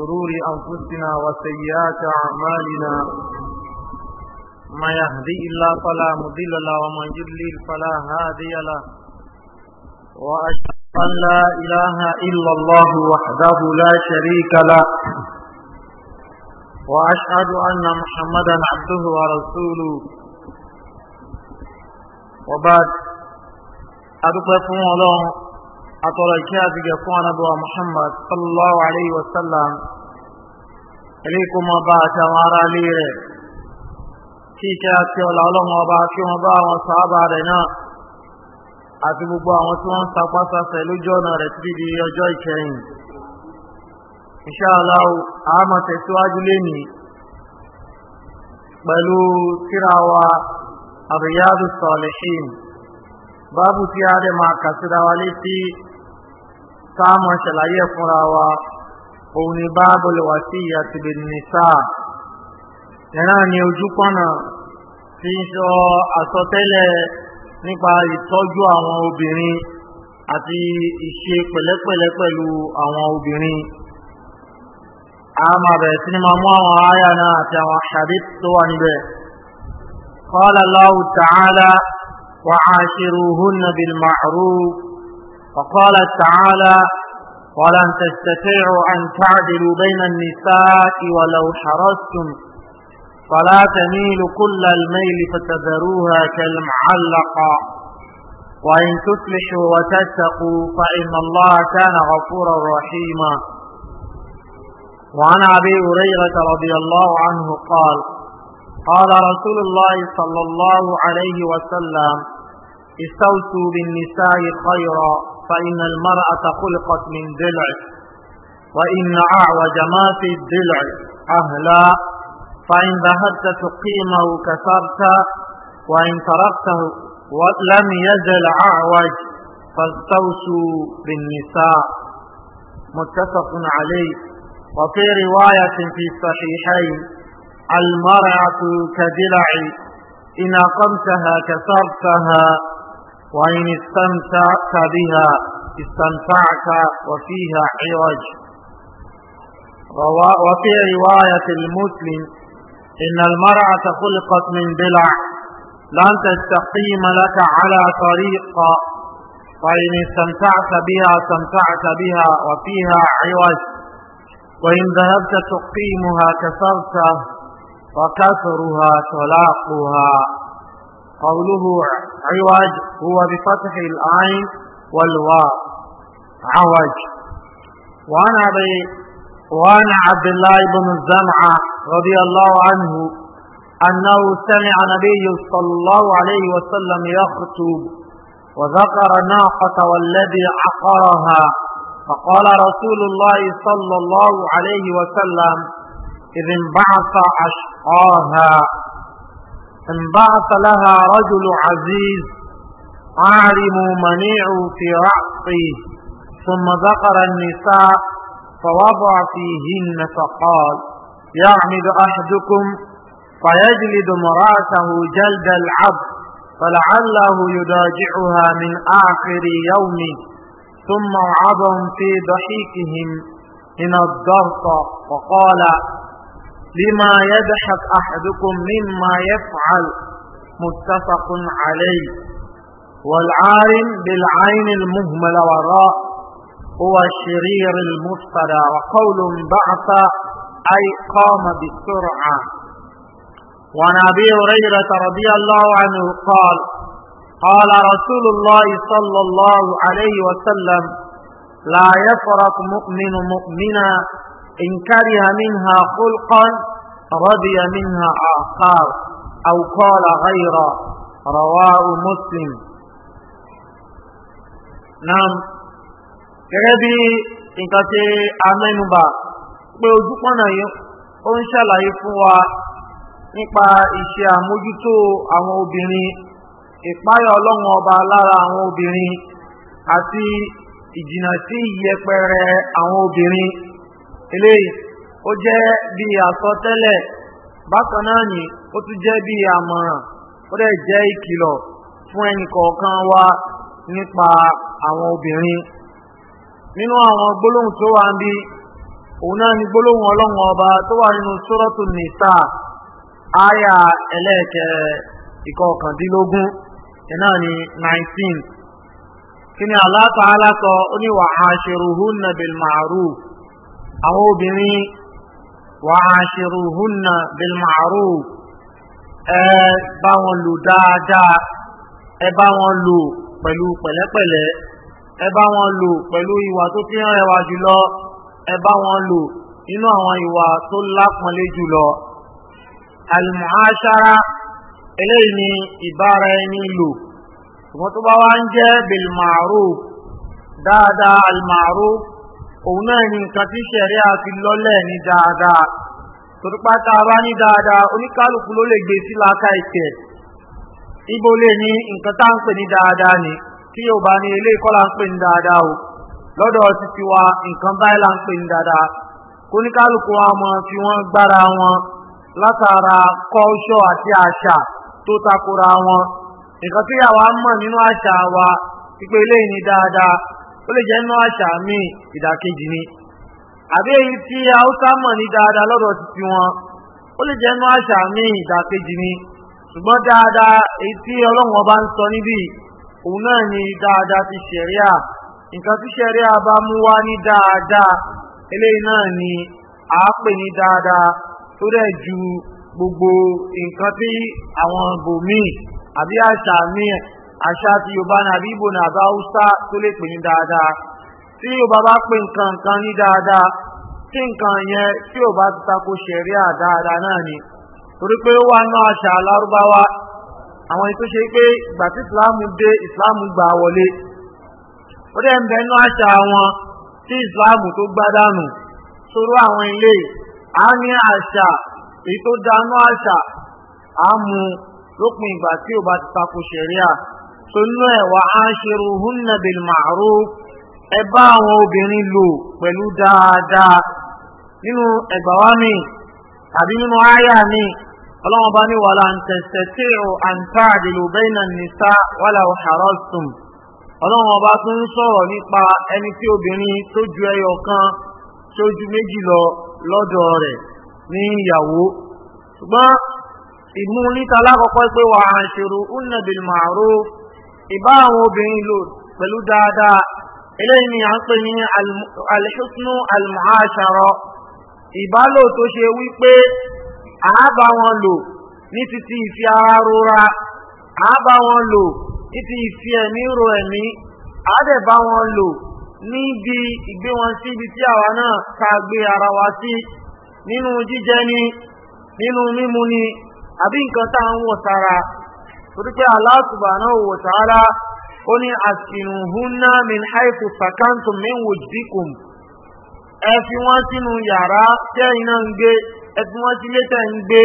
شرور أنفسنا وسيئات أعمالنا ما يهدي إلا فلا مضل له ومن يضلل فلا هادي له وأشهد أن لا إله إلا الله وحده لا شريك له وأشهد أن محمدا عبده ورسوله وبعد أدوك فون الله atọrọ ìkẹ́ àti gẹ̀ fún anábọ̀wà muhammad sallallahu alayhi wa sallam ilé kó mọ bá àti àwọn ará ilé rẹ̀ kí ìkẹ́ àti ọ̀là ọlọ́mọ ọba kí wọ́n bá àwọn sàábà rẹ̀ náà àti gbogbo àwọn tí wọ́n ń sapásasẹ̀ lójú ọ̀nà rẹ̀ títí di ọjọ́ ìkẹyìn inshallah àmọ́ tẹ̀síwájú lénìí pẹ̀lú tírawa àríyáàdù sọ̀lẹ̀ṣìn báàbù tí a rẹ̀ máa kà létí táàmù ṣàlàyé fúnra wa òun ni báàbùlù wà sí ìyá ti bè nìsá ìran ni ojúkọ́nà tí ń sọ àsọtẹ́lẹ̀ nípa ìtọ́jú àwọn obìnrin àti ìṣe pẹ̀lẹ́pẹ̀lẹ́ pẹ̀lú àwọn obìnrin a máa bẹ̀rẹ̀ sí ni máa mú àwọn àyà náà àti àwọn àṣàdé tó wà níbẹ̀ qala Allahu ta'ala wa 'ashiruhunna bil ma'ruf وقال تعالى ولن تستطيعوا أن تعدلوا بين النساء ولو حرصتم فلا تميلوا كل الميل فتذروها كالمعلقة وإن تصلحوا وتتقوا فإن الله كان غفورا رحيما وعن أبي هريرة رضي الله عنه قال قال رسول الله صلى الله عليه وسلم استوتوا بالنساء خيرا فإن المرأة خلقت من دلع وإن أعوج ما في الدلع أهلا فإن ذهبت تقيمه كسرت وإن تركته ولم يزل أعوج فاستوسوا بالنساء متفق عليه وفي رواية في الصحيحين المرأة كدلع إن أقمتها كسرتها وإن استمتعت بها استمتعت وفيها عوج وفي رواية المسلم إن المرأة خلقت من بلع لن تستقيم لك على طريق فإن استمتعت بها استمتعت بها وفيها عوج وإن ذهبت تقيمها كسرت وكسرها تلاقها قوله عوج هو بفتح العين والواو عوج وعن أبي وعن عبد الله بن الزمعة رضي الله عنه أنه سمع نبي صلى الله عليه وسلم يخطب وذكر الناقة والذي عقرها فقال رسول الله صلى الله عليه وسلم إذ انبعث أشقاها انبعث لها رجل عزيز عارم منيع في رأسه ثم ذكر النساء فوضع فيهن فقال يعمد يعني أحدكم فيجلد امرأته جلد العبد فلعله يداجعها من آخر يومه ثم عظم في ضحيكهم من الضرط وقال لما يضحك أحدكم مما يفعل متفق عليه والعارم بالعين المهملة وراء هو الشرير المفترى وقول بعث أي قام بسرعة وعن أبي هريرة رضي الله عنه قال قال رسول الله صلى الله عليه وسلم لا يفرق مؤمن مؤمنا إن كره منها خلقا رضي منها آخر أو قال غير رواه مسلم نعم gẹ́gẹ́ bí nǹkan tí a mẹ́nubà pé ojúpọ̀nà yìí ó ń ṣàlàyé fún wa nípa iṣẹ́ àmójútó àwọn obìnrin ìpáyọ̀ ọlọ́run ọba lára àwọn obìnrin àti ìjìnà sí ìyẹpẹrẹ àwọn obìnrin eléyìí ó jẹ́ bí àsọtẹ́lẹ̀ bákan náà ni ó tún jẹ́ bí àmọ̀ràn ó dẹ̀ jẹ́ ìkìlọ̀ fún ẹnì kọ̀ọ̀kan wa nípa àwọn obìnrin nínú àwọn gbólóhùn tó wà ń bí òun náà ni gbólóhùn ọlọ́run ọba tó wà nínú sórọ́tù nìta àyà ẹlẹ́ẹ̀kẹ́ ìkọkàndínlógún iná ni 19 kí ni Allah Ta'ala sọ ó àwọn obìnrin wà á ṣerú húnna bilmaru ẹ bá wọn lò dáadáa ẹ bá wọn lò pẹ̀lú pẹ̀lẹ́pẹ̀lẹ́ ẹ bá wọn lò pẹ̀lú ìwà tó fi ń rẹwà jùlọ ẹ bá wọn lò nínú àwọn ìwà tó lápọnlé jùlọ almuhashara eléyìí ni ìbára ẹni lò ṣùgbọ́n tó bá wá ń jẹ́ bilmaru dáadáa almaru òun náà ni nǹkan tí ṣẹ̀rí àti lọ́lẹ̀ ní dáadáa torípá tá a bá ní dáadáa oníkálukú ló lè gbé sí láká ìtẹ̀ ibo lè ní nǹkan tá à ń pè ní dáadáa ni tí yóò bá ní ilé ìkọ́lá ń pè ní dáadáa o lọ́dọ̀ ti ti wa nǹkan báyìí là ń pè ní dáadáa kóníkálukú wa mọ fi wọ́n gbára wọn látara kọ́ṣọ́ àti àṣà tó takora wọn nǹkan tí yàwá mọ̀ nínú àṣà wa pípé eléyìí ní dáadáa ó lè jẹ́ inú àṣà mi ìdàkejì ni àbí èyí tí haúsá mọ̀ ní dáadáa lọ́dọ̀ títí wọn ó lè jẹ́ inú àṣà mi ìdàkejì ni ṣùgbọ́n dáadáa èyí tí ọlọ́run ọba ń sọ níbí òun náà ni dáadáa ti ṣẹ̀ríà nǹkan tí ṣẹ̀ríà bá mú wá ní dáadáa eléyìí náà ni à á pè ní dáadáa tó dẹ̀ ju gbogbo nǹkan tí àwọn bòmíì àbí àṣà míì àṣà ti yorùbá ní àbí ìbò ní àbá haúsá tó lè pè ní dáadáa tí yorùbá bá pè nǹkan kan ní dáadáa tí nǹkan yẹn tí yorùbá ti tako ṣẹ̀ríà dáadáa náà ni torí pé ó wà ní àṣà alárúbáwá àwọn ètò ṣe pé ìgbà tí ìsìláàmù dé ìsìláàmù gbà wọlé ó dẹ̀ ń bẹ ní àṣà wọn tí ìsìláàmù tó gbádànù sórú àwọn ilé a ní àṣà èyí tó dánú àṣà á mu lópin ìgbà tí yorùbá ti tako ṣẹ̀ríà sọ́nà ẹ̀ wà á ṣerú húnnà bil ma'ruf ẹ bá àwọn obìnrin lò pẹ̀lú dáadáa nínú ẹgbà wa mi tàbí nínú àyà mi ọlọ́wọ́n bá ní wàlá ń tẹ̀sẹ̀ tí ò à ń tá àdìlù bẹ́ẹ̀nà nìta wàlá òṣàrọ́sùn ọlọ́wọ́n bá tún ń sọ̀rọ̀ nípa ẹni tí obìnrin tó ju ẹyọ kan tó ju méjì lọ lọ́dọ̀ rẹ̀ ní ìyàwó ṣùgbọ́n ìmú níta lákọ̀ọ́kọ́ pé wà á ṣèrò ń nàbìlì màrúf ìbá àwọn obìnrin lò pẹ̀lú dáadáa eléyìí ni à ń pè ní alhusnu almuhashara ìbálò tó ṣe wípé àábá wọn lò ní títí ìfi ara rora àábá wọn lò ní ti ìfi ẹ̀mí ro ẹ̀mí àádẹ́bá wọn lò níbi ìgbé wọn sí tí àwa náà ká gbé ara wa sí nínú jíjẹ ni nínú mímu ni àbí nǹkan tá à ń wọ̀ sára torí pé Allah subhanahu wa ta'ala ó ní àsìnùhúnná min haifu sakantum min wujdikum ẹ fi wọ́n sínú yàrá tẹ́yìn náà ń gbé ẹ fi wọ́n sílé tẹ́yìn ń gbé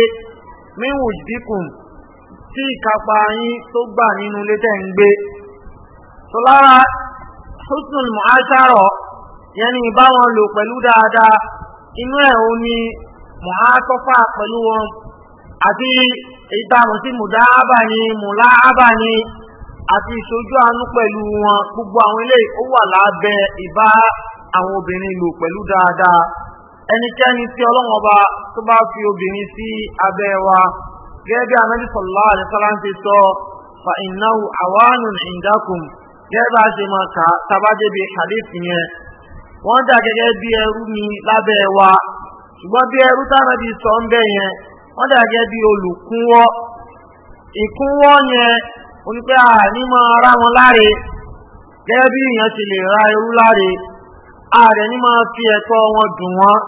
min wujdikum tí ìkápá yín tó gbà nínú ilé tẹ́yìn ń gbé. tó lára husnul yẹn ni ìbáwọn lò pẹ̀lú dáadáa inú ẹ̀ ò ní pẹ̀lú wọn ìtàwọn sí muda ni mula ni àti ìṣojú àánú pẹ̀lú wọn gbogbo àwọn ilé ó wà lábẹ́ ìbá àwọn obìnrin lò pẹ̀lú dáadáa ẹnikẹ́ni tí ọlọ́wọ́n bá tó bá fi obìnrin sí abẹ́ wa gẹ́gẹ́ bí anábì sallallahu alaihi wasallam ti sọ fa innahu awanun indakum gẹ́gẹ́ bá ṣe máa kà tabájẹ́ bí hadith yẹn wọ́n dà gẹ́gẹ́ bí ẹrú ni lábẹ́ wa ṣùgbọ́n bí wọ́n dà gẹ́gẹ́ bí olùkúnwọ́ ìkúnwọ́ yẹn onípẹ́ àní máa rá wọn láre gẹ́gẹ́ bí èèyàn ti lè ra irú láre ààrẹ ní máa fi ẹ̀tọ́ wọn dùn wọn.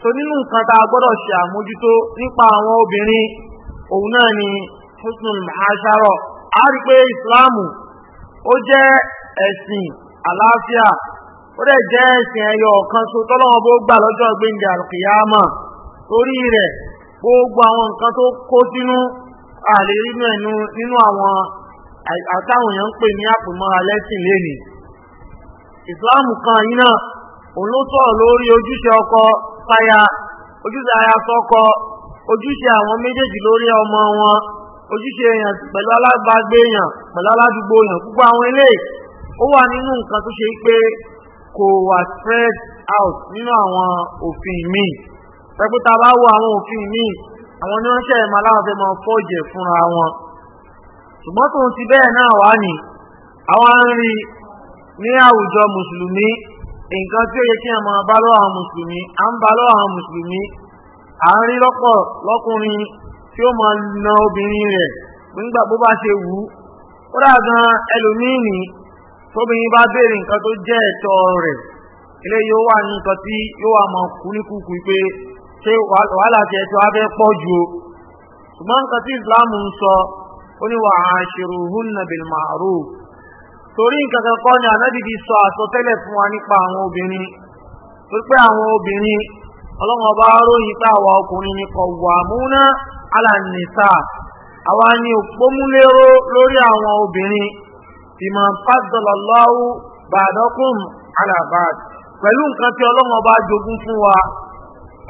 so nínú nǹkan tá a gbọ́dọ̀ ṣe àmójútó nípa àwọn obìnrin òun náà ni husnul mahasharo a rí pé ìsìláàmù ó jẹ́ ẹ̀sìn àlàáfíà ó dẹ̀ jẹ́ ẹ̀sìn ẹyọ ọ̀kan so tọ́lọ́wọ́n bó gbà lọ́jọ́ gbẹ̀ǹdẹ̀ àlùkìyámà torí rẹ̀ gbogbo àwọn nǹkan tó kó sínú àlè nínú ẹnu nínú àwọn àtàwọn èèyàn ń pè ní àpòmọ́ra lẹ́sìn lénìí ìsìláàmù kan yìí náà òun ló sọ̀rọ̀ lórí ojúṣe ọkọ sáya ojúṣe aya sọ́kọ ojúṣe àwọn méjèèjì lórí ọmọ wọn ojúṣe èèyàn pẹ̀lú alábàágbé èèyàn pẹ̀lú aládùúgbò èèyàn gbogbo àwọn eléyìí ó wà nínú nǹkan tó ṣe pé kò wà spread out nínú àwọn òfin míì pẹ̀pẹ́ ta bá wo àwọn òfin míì àwọn ní wọ́n ṣe ẹ̀mọ́ aláwọ̀ fẹ́ mọ fọ́ọ̀jẹ̀ fúnra wọn ṣùgbọ́n tó ń ti bẹ́ẹ̀ náà wá ní àwọn arìnrìn ní àwùjọ mùsùlùmí nǹkan tí ó yẹ kí ẹ bá lọ́wọ́ àwọn mùsùlùmí à ń bá lọ́wọ́ àwọn mùsùlùmí à ń rí lọ́pọ̀ lọ́kùnrin tí ó máa na obìnrin rẹ̀ nígbà bó bá ṣe wù ú ó dà gan ẹlòmíì ní tóbìnrin bá béèrè nǹkan tó jẹ́ ẹ̀tọ́ rẹ̀ eléyìí ó wà ní nǹkan tí yóò wà máa kú níkùkù pé ṣe wàhálà tí ẹ ti pọ̀ ju o ṣùgbọ́n nǹkan tí islam ń sọ ó ní wàá ṣèrò hunna torí nǹkan kan ni ànábì sọ àsọtẹ́lẹ̀ fún wa nípa àwọn obìnrin torí pé àwọn obìnrin ọlọ́run ọba ròyìn pé àwa ọkùnrin ni kò wà múná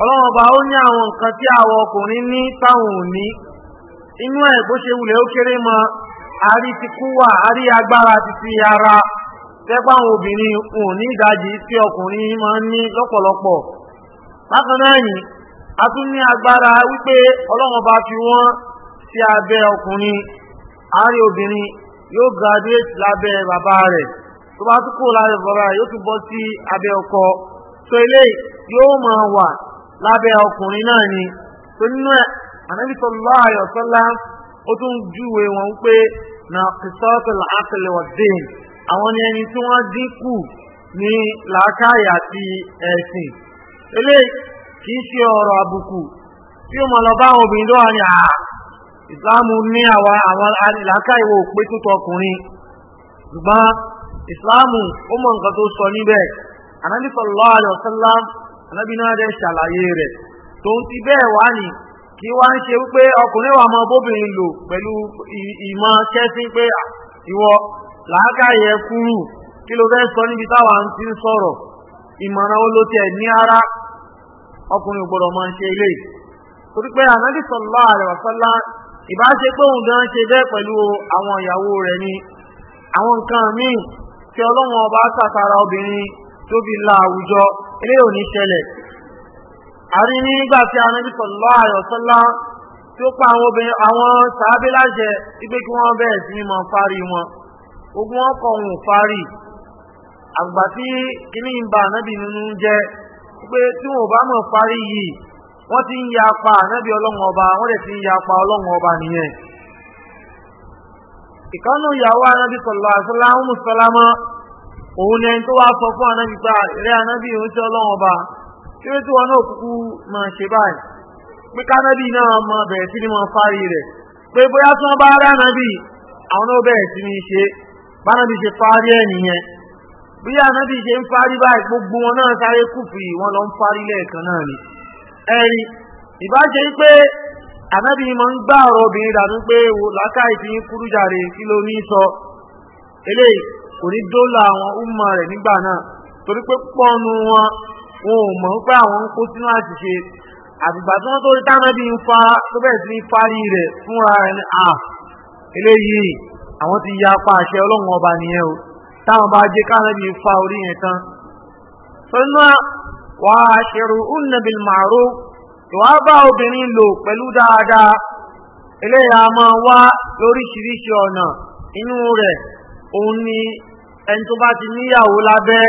ọlọ́run ọba ó ní àwọn nǹkan tí àwọn ọkùnrin ní táwọn ò ní inú ẹ̀ bó ṣe wulẹ̀ ó kéré mọ́ àrí ti kú wà àrí agbára ti ti ara tẹ́pá àwọn obìnrin ò ní ìdajì tí ọkùnrin máa ń ní lọ́pọ̀lọpọ̀ bákan náà yìí a tún ní agbára wípé ọlọ́run ọba fi wọ́n sí abẹ́ ọkùnrin àárí obìnrin yóò graduate lábẹ́ bàbá rẹ̀ tó bá tún kúrò lábẹ́ bàbá rẹ̀ yóò tún bọ́ sí abẹ́ ọkọ so eléyìí yóò máa wà lábẹ́ ọkùnrin náà ni tó nínú ẹ̀ ànábì sallallahu alaihi wasallam ó tún júwe wọn pé na qisatul aqli wad din àwọn ni ẹni tí wọ́n dínkù ní làákàyè àti ẹ̀sìn eléyìí kì í ṣe ọ̀rọ̀ àbùkù tí ó máa lọ bá àwọn obìnrin lọ́wọ́ ni àá ìsìláàmù ní ah, àwọn làákàyè wo pé tó tọkùnrin ṣùgbọ́n ìsìláàmù ó mọ nǹkan tó sọ níbẹ̀ ànábì sallallahu ànábì náà dẹ̀ ṣàlàyé rẹ̀ tòun ti bẹ́ẹ̀ wá ní kí wá ń ṣe wípé ọkùnrin wà mọ bóbìnrin lò pẹ̀lú ìmọ̀ kẹ́sìn pé ìwọ làákàyè kúrú kí ló fẹ́ sọ níbi táwa ń ti sọ̀rọ̀ ìmọ̀ràn olóòtú ẹ̀ ní ara ọkùnrin gbọ́dọ̀ máa ń ṣe ilé torí pé ànábì sallallahu alaihi wasallam ìbáṣe pé òun gan ṣe bẹ́ẹ̀ pẹ̀lú àwọn ìyàwó rẹ̀ ni àwọn nǹkan míì tí ọlọ́run ọba sàtara obìnrin tóbi la àwùjọ eré òní ṣẹlẹ̀ àrí nígbà fi anábì sallallahu alaihi wasallam tí ó pa àwọn obìnrin àwọn sàábé láṣẹ wípé kí wọ́n bẹ̀rẹ̀ sí fárí wọn ogun wọn kọ fárí àgbà tí kíní ń ba ànábì nínú jẹ́ pé tí wọn ò bá mọ̀ fárí yìí wọ́n ti ń ya pa ànábì ọlọ́run ọba wọ́n lè ti ya pa ọlọ́run ọba nìyẹn ìkànnù ìyàwó anábì sallallahu alaihi wasallam òun ni ẹni tó wá sọ fún anábì pé rẹ̀ anábì òun sí ọba kí ló tí wọ́n náà kúkú ma ṣe báyìí pé kánábì náà máa bẹ̀rẹ̀ sí ni fárí rẹ̀ pé bóyá tí wọ́n bá rẹ̀ anábì àwọn náà bẹ̀rẹ̀ sí ni ṣe bánábì ṣe fárí ẹ̀ bí ṣe ń fárí báyìí gbogbo wọn náà sáré kùfì wọn lọ ń fárí lẹ́ẹ̀kan náà ni ìbáṣe pé ma ń ọ̀rọ̀ obìnrin dànù pé kò ní dólà àwọn umma rẹ̀ nígbà náà torí pé pọ́nù wọn wọn ò mọ̀ pé àwọn ń kó sínú àṣìṣe àtìgbà tí wọ́n tó rí tánàbí ń fa tó bẹ̀rẹ̀ sí ní parí rẹ̀ fúnra rẹ̀ ní à eléyìí àwọn ti ya apá àṣẹ ọlọ́run ọba nìyẹn o táwọn bá jẹ́ kánàbí fa orí yẹn tán sọ́nà wà á ṣerú unnabil ma'ruf ìwà bá obìnrin lò pẹ̀lú dáadáa eléyìí máa wá lóríṣiríṣi ọ̀nà inú rẹ̀ òun ni ẹni tó bá ti níyàwó lábẹ́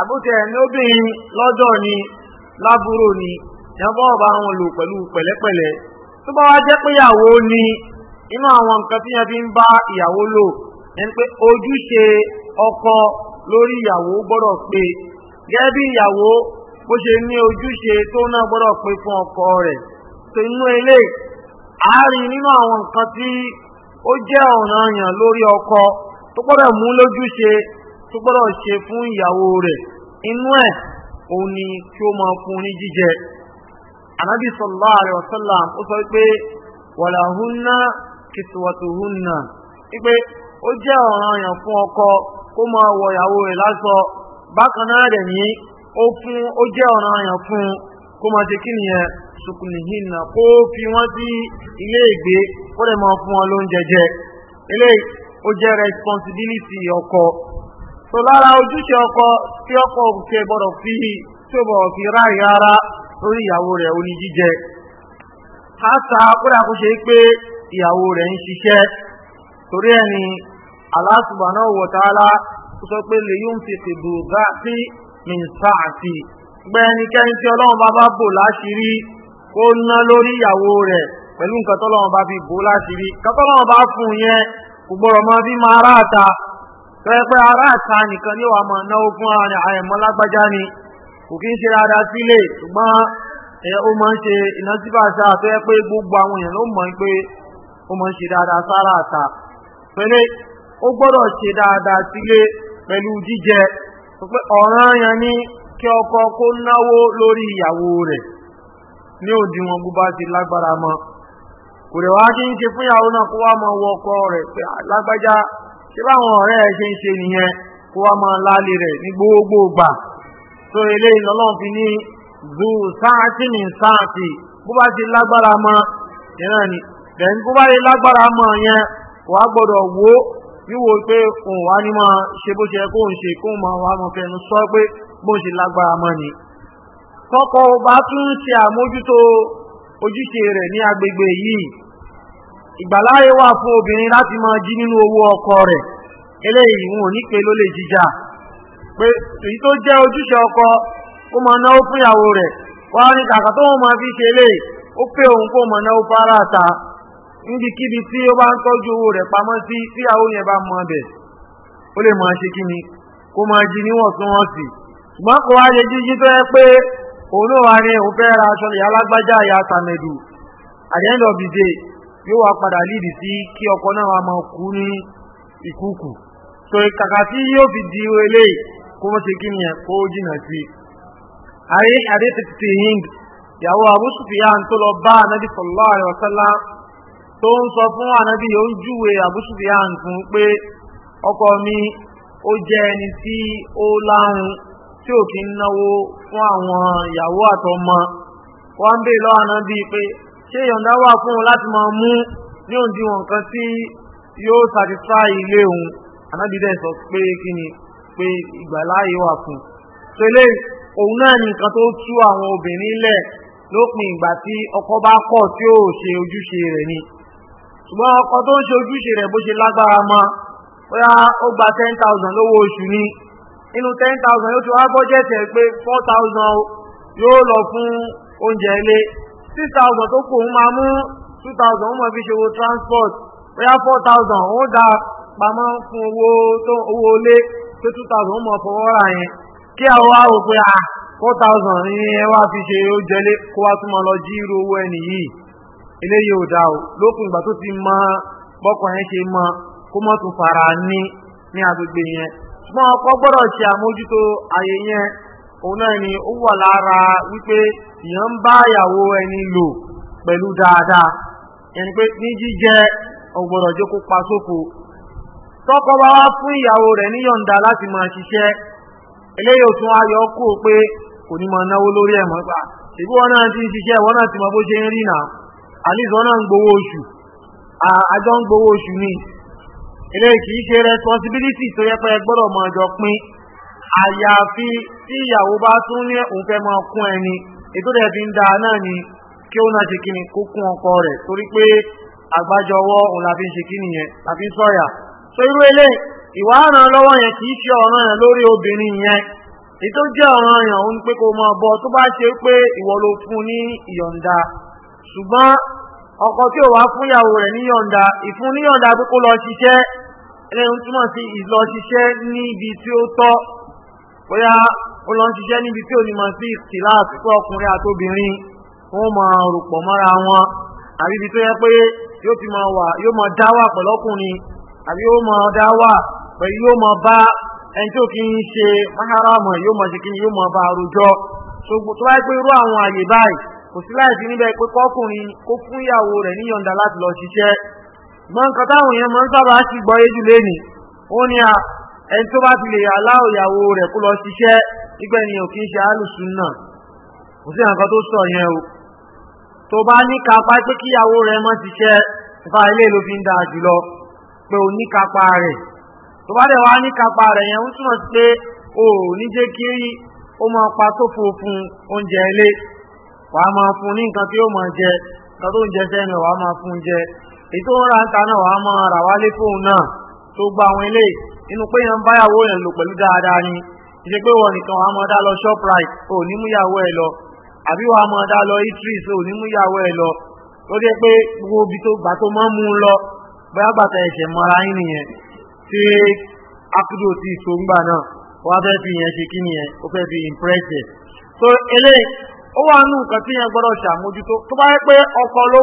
àbúkẹ́ ẹni obìnrin lọ́dọ̀ ni lábúrò ni ìyàbọ̀ ọba wọn lò pẹ̀lú pẹ̀lẹ́pẹ̀lẹ́ tó bá wá jẹ́ pé ìyàwó ni inú àwọn nǹkan tí yẹn fi ń bá ìyàwó lò ẹni pé ojúṣe ọkọ lórí ìyàwó gbọ́dọ̀ pé gẹ́gẹ́ bí ìyàwó bó ṣe ní ojúṣe tó náà gbọ́dọ̀ pé fún ọkọ rẹ̀ tó inú ilé àárín nínú àwọn nǹkan tí ó jẹ́ ọ̀ranyàn lórí ọkọ tó gbọ́dọ̀ mú lójúṣe tó gbọ́dọ̀ ṣe fún ìyàwó rẹ̀ inú ẹ̀ o ni kí ó máa fún ní jíjẹ anabi sallallahu alaihi wasallam ó sọ pé wàlàhúnná kìtùwàtùhúnná wípé ó jẹ́ ọ̀ràn èèyàn fún ọkọ kó máa wọ ìyàwó rẹ̀ bákan náà rẹ̀ ní ó fún ó jẹ́ ọ̀ràn èèyàn fún kó máa ṣe kí nìyẹn sùkùnìhìnà kó fi wọ́n sí ilé ìgbé kó lè máa fún wọn lóúnjẹ jẹ ó jẹ́ responsibility ọkọ tó lára ojúṣe ọkọ tí ọkọ òkè gbọ́dọ̀ fi tó bọ̀ fi ara lórí ìyàwó rẹ̀ oní jíjẹ káàtà kódà kó ṣe pé ìyàwó rẹ̀ ń ṣiṣẹ́ torí ẹni Allah subhanahu sọ pé lè yóò fi tí ọlọ́run bá bá bò láṣìírí kó ná lórí ìyàwó rẹ̀ pẹ̀lú nǹkan tọ́lọ́run bá fi bò láṣìírí bá fún kò máa fi máa ará pẹ́pẹ́ ará nìkan ní wàá máa náwó fún ara ní àyẹ̀mọ́ lágbájá ni kò kí ń ṣe dáadáa sílé ṣùgbọ́n ó gbogbo àwọn èèyàn gbọ́dọ̀ ṣe dáadáa sílé pẹ̀lú jíjẹ ni kí ọkọ kó náwó lórí ìyàwó rẹ̀ ní ti kò lè wá kí ń ṣe fúnyàwó náà kó wá mọ wọ ọkọ rẹ̀ pé ah, lágbájá tí báwọn ọ̀rẹ́ ẹ̀ ṣe ń ṣe nìyẹn kó wá mọ láàlè rẹ̀ ní gbogbo gbà tó ilé ìlọ́lọ́run fi ní zu sáàtì ní sáàtì bó bá ti lágbára ìran ni bó bá ti lágbára yẹn gbọ́dọ̀ wò ó wíwo pé òun wá ní máa ṣe bó ṣe ṣe máa wá fẹnu sọ pé ìgbàláyé wà fún obìnrin láti máa jí nínú owó ọkọ rẹ̀ eléyìí wọn ò ló lè jíjà pé èyí tó jẹ́ ojúṣe ọkọ ó máa náwó fún ìyàwó rẹ̀ wá ní kàkà tó wọn máa fi ṣe lè ó pé òun kó máa náwó fara ta níbikíbi tí ó bá ń tọ́jú owó rẹ̀ pamọ́ sí tí ìyàwó yẹn bá mọ bẹ̀ ó lè máa ṣe kíni kó máa jí níwọ̀ntúnwọ̀nsì ṣùgbọ́n kò wá ṣe jíjí tó yẹ pé òun náà wá ní òun fẹ́ ra aṣọ ìyá alágbájá ìyá tàmẹ̀dù àdéhùn yóò wá padà lídì sí kí ọkọ náà wá máa kú ní so kàkà tí yóò fi di ilé kó mọ́ sí kí ni kó jìnà sí ayé àdéṣe ti hind ìyàwó Abu Sufyan tó lọ bá ànábì sallallahu alaihi tó ń sọ fún anabi ó júwe ọkọ mi ó jẹ́ ẹni tí ó láhun tí ò kí ń náwó fún àwọn ìyàwó àtọmọ wọ́n ń bè ṣé ìyọ̀ǹda wà fún un láti máa mú ní òǹdíwọ̀n nǹkan tí yóò satisfy ilé òun anábìdẹ̀ sọ pé kí ni pé ìgbàláyé wà fún un ṣẹlẹ̀ òun náà ni nǹkan tó tú àwọn obìnrin lẹ̀ lópin ìgbà tí ọkọ bá kọ̀ tí ó ṣe ojúṣe rẹ̀ ni ṣùgbọ́n ọkọ tó ń ṣe ojúṣe rẹ̀ bó ṣe lágbára mọ́ bóyá ó gba ten thousand lówó oṣù ni nínú ten thousand yóò ti wá bọ́jẹ̀tì ẹ̀ pé four thousand yóò lọ fún oúnjẹ ilé six thousand tó kù ń máa mú two thousand ó máa fi ṣe owó transport bóyá four thousand ó dá pamọ́ fún owó tó owó lé tó two thousand ó máa fọwọ́ ra yẹn kí àwọn àrò pé ah, four thousand ní ẹ wá fi ṣe oúnjẹ lé kó wá tún máa lọ jí irú owó ẹni yìí eléyìí ò dá o lókun ìgbà tó ti mọ bọ́kọ̀ yẹn ṣe mọ kó mọ́ tún fara ní ní agbègbè yẹn ṣùgbọ́n ọkọ̀ gbọ́dọ̀ ṣe àmójútó àyè yẹn òun náà ni ó wà lára wípé èèyàn ń bá ìyàwó ẹni lò pẹ̀lú dáadáa ẹni pé ní jíjẹ ọgbọ̀dọ̀ jókòó pa sóko tọ́kọ bá wá fún ìyàwó rẹ̀ níyọ̀ǹda láti máa ṣiṣẹ́ eléyìí ò tún ayọ̀ kó o pé kò ní máa náwó lórí ẹ̀ mọ́ gbà ṣèbí wọn náà ti ń ṣiṣẹ́ ìwọ náà ti mọ bó ṣe ń rí nà àlìsàn náà ń gbowó oṣù àjọ ń gbowó oṣù ni eléyìí kì í ṣe responsibility tó yẹ pé ẹ gbọ́dọ̀ máa jọ pín àyàfi tí ìyàwó bá tún ní òun fẹ́ máa kún ẹni ètò rẹ̀ fi ń dáa náà ni kí ó náà ṣe kí ni kó kún ọkọ rẹ̀ torí pé òun la fi ń ṣe kí nìyẹn la fi ń so irú ilé ìwà lọ́wọ́ yẹn kì í ṣe ọ̀ràn yẹn lórí obìnrin yẹn ètò jẹ́ ọ̀ràn yẹn òun pé kó máa bọ́ tó bá ṣe pé ìwọ ló fún ní ìyọ̀ǹda ṣùgbọ́n ọkọ tí ò wá ìfún pé kó lọ ṣiṣẹ́ tí ó tọ́ bóyá ó lọ ń ṣiṣẹ́ níbi tí ò ní mọ sí ìtìláàtì fún ọkùnrin àtobìnrin wọ́n máa rò pọ̀ mọ́ra wọn àbí ibi tó yẹ pé yóò ti máa wà yóò máa dá wà pẹ̀lọ́kùnrin àbí yóò máa dá wà pẹ̀lú yóò máa bá ẹni tó kí ń ṣe maharamu yóò máa ṣe kí yóò máa bá àrùjọ ṣogbò tó wáyé pé irú àwọn àyè báyìí kò sí láì fi níbẹ̀ pé kọ́kùnrin kó fún ìyàwó rẹ̀ níyọ̀ǹda láti lọ ṣiṣẹ́ mọ táwọn èèyàn máa ń sábà sì gbọ́ yéjú lénìí ó ní ẹni tó bá fi lè aláwọ̀ ìyàwó rẹ̀ kó lọ ṣiṣẹ́ igbe ènìyàn o kí ń ṣe alùsùnà kò sí nǹkan tó sọ yẹn o tó bá ní kápá pé kíyàwó rẹ mọ́ ti ṣe nípa ilé ló fi ń jùlọ o ní re. rẹ̀ tó bá dẹ̀ wá ní rẹ̀ yẹn ń o ní jẹ́ kí ó máa pa sófo fún oúnjẹ ilé wà á máa fún ní nǹkan tí ó máa jẹ nǹkan tó ń jẹ sẹ́nu wà á máa fún jẹ èyí tó ra ń ta náà wà á máa rà wálé fóun náà tó ilé ṣe pé wọ́n nìkan wàá máa dá lọ shoprite ò ní múyàwó ẹ̀ lọ àbí wàá máa dá lọ itris ò ní múyàwó ẹ̀ lọ tó jẹ́ pé gbogbo ibi tó gbà tó máa mú un lọ bóyá gbàtà ẹ̀ṣẹ̀ mọ́ra yín nìyẹn tí akudo ti so ń gbà náà fi yẹn ṣe kí nìyẹn ó fẹ́ fi impress so ele ó wà nù nǹkan tí yẹn gbọ́dọ̀ ṣàmójútó tó bá yẹ pé ọkọ ló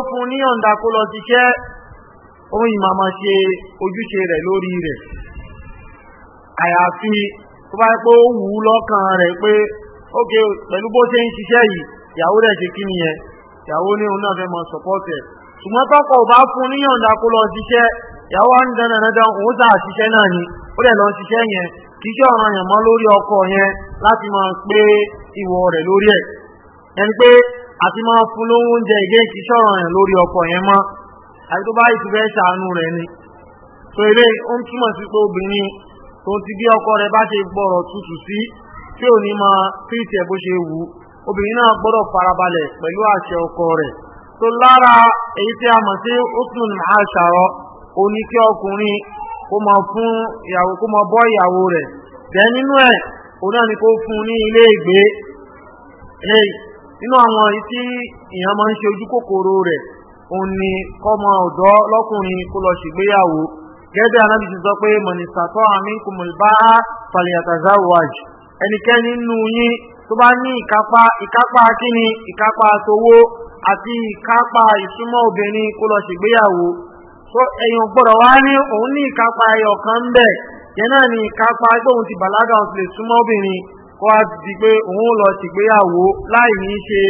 fún ní tó bá pé ó wù ú lọ́kàn rẹ̀ pé ókè pẹ̀lú bó ṣe ń ṣiṣẹ́ yìí ìyàwó rẹ̀ ṣe kí nìyẹn ìyàwó ní òun náà fẹ́ mọ support ẹ̀ ṣùgbọ́n tọ́kọ̀ ò bá fún kó lọ ṣiṣẹ́ ìyàwó òun ni ó dẹ̀ lọ ṣiṣẹ́ yẹn kì í ṣe ọ̀ràn lórí ọkọ yẹn láti máa pé ìwọ rẹ̀ lórí tó ti bí ọkọ rẹ bá ṣe gbọ́rọ̀ tútù sí tí ò ní ma fi ẹ̀ bó ṣe wù obìnrin náà gbọ́dọ̀ farabalẹ̀ pẹ̀lú àṣẹ ọkọ rẹ̀ tó lára èyí tí a mọ̀ sí ótún àṣàrọ̀ ó kí ọkùnrin kó máa fún ìyàwó kó máa bọ́ ìyàwó rẹ̀ jẹ́ nínú ẹ̀ òun náà ni kó fún ní ilé ni kọ́mọ ọ̀dọ́ lọ́kùnrin kó lọ gẹ́gẹ́ anábì ti sọ pé mọ̀nìsàtọ́ àmínkùmùlbá pàlìyàtàzáwàj ẹnikẹ́ni nínú yín tó bá ní ìkápá ìkápá kíni ìkápá towó àti ìkápá ìsúnmọ́ obìnrin kó lọ ṣègbéyàwó tó ẹ̀yàn gbọ́dọ̀ wá ní òun ní ìkápá ẹyọ kan ń bẹ̀ yẹn náà ní ìkápá pé òun ti bàlágà òun ti lè súnmọ́ obìnrin kó wá di pé òun lọ ṣègbéyàwó láì ní ṣe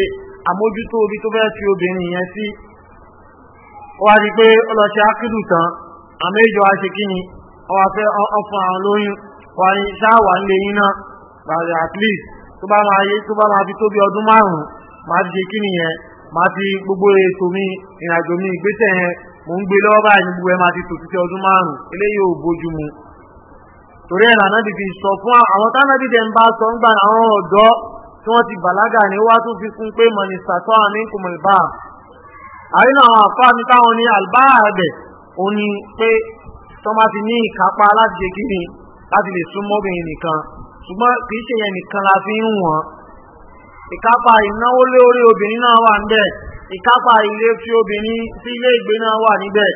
àmójútó obi tó fẹ́ fi obìnrin yẹn sí ó wá di pé ó lọ ṣe ákídù tán àmì ìjọ aṣekíni ọwà fẹ́ ọfún àwọn lóyún wà ní sáàwà nílé yíná pàdé at least tó bá máa yé tó bá máa fi tó bí ọdún márùn-ún máa ti ṣe kí nìyẹn máa ti gbogbo ètò mi ìrìnàjò mi ìgbésẹ̀ yẹn mò ń gbé lọ́wọ́ báyìí gbogbo ẹ máa ti tò títí ọdún márùn-ún eléyìí ò bójú mu torí ẹ̀rọ ànábì fi sọ fún àwọn tánábì dẹ̀ ń bá sọ ń gbà àwọn ọ̀dọ́ tí wọ́n ti bàlágà ní wá tún fi kún pé mọ̀nìsà tó àmì kùmọ̀ ìbá àrínà àwọn àfáà mi táwọn ní àlbáà ẹ̀bẹ̀ ó ní pé tọ́mà ti ní ìkápá láti ṣe kí ni láti lè súnmọ́ obìnrin nìkan ṣùgbọ́n kì í ṣe yẹn nìkan la fi ń wọ̀n ìkápá ìnáwó lé orí obìnrin náà wà níbẹ̀ ìkápá ilé tí obìnrin sí ilé ìgbé náà wà níbẹ̀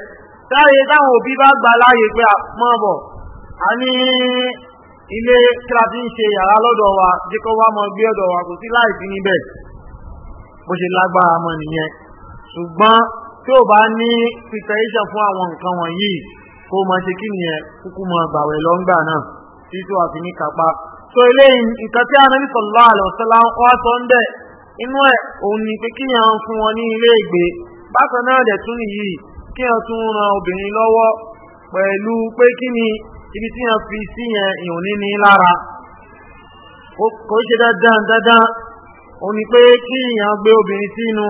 táyé táwọn òbí bá gba láàyè pé mọ́ bọ̀ a ní ilé kíláàtì ń ṣe yàrá lọ́dọ̀ wa jẹ́ kó wá mọ gbé ọ̀dọ̀ wa kò sí láì sí níbẹ̀ bó ṣe lágbára mọ́ nìyẹn ṣùgbọ́n tí ó bá ní preparation fún àwọn nǹkan wọ̀nyí kó máa ṣe kí nìyẹn kúkú máa gbàwẹ̀ lọ́ngbà náà tí tó àfi ní kápá so eléyìí nǹkan tí wá sọ ń bẹ̀ inú ẹ̀ òun ni pé fún wọn ní ilé ìgbé bákan náà dẹ̀ tún nìyí ran obìnrin lọ́wọ́ pẹ̀lú pé kí ni ibi tí fi sí yẹn ìhùn níní lára kò ni pé gbé obìnrin sínú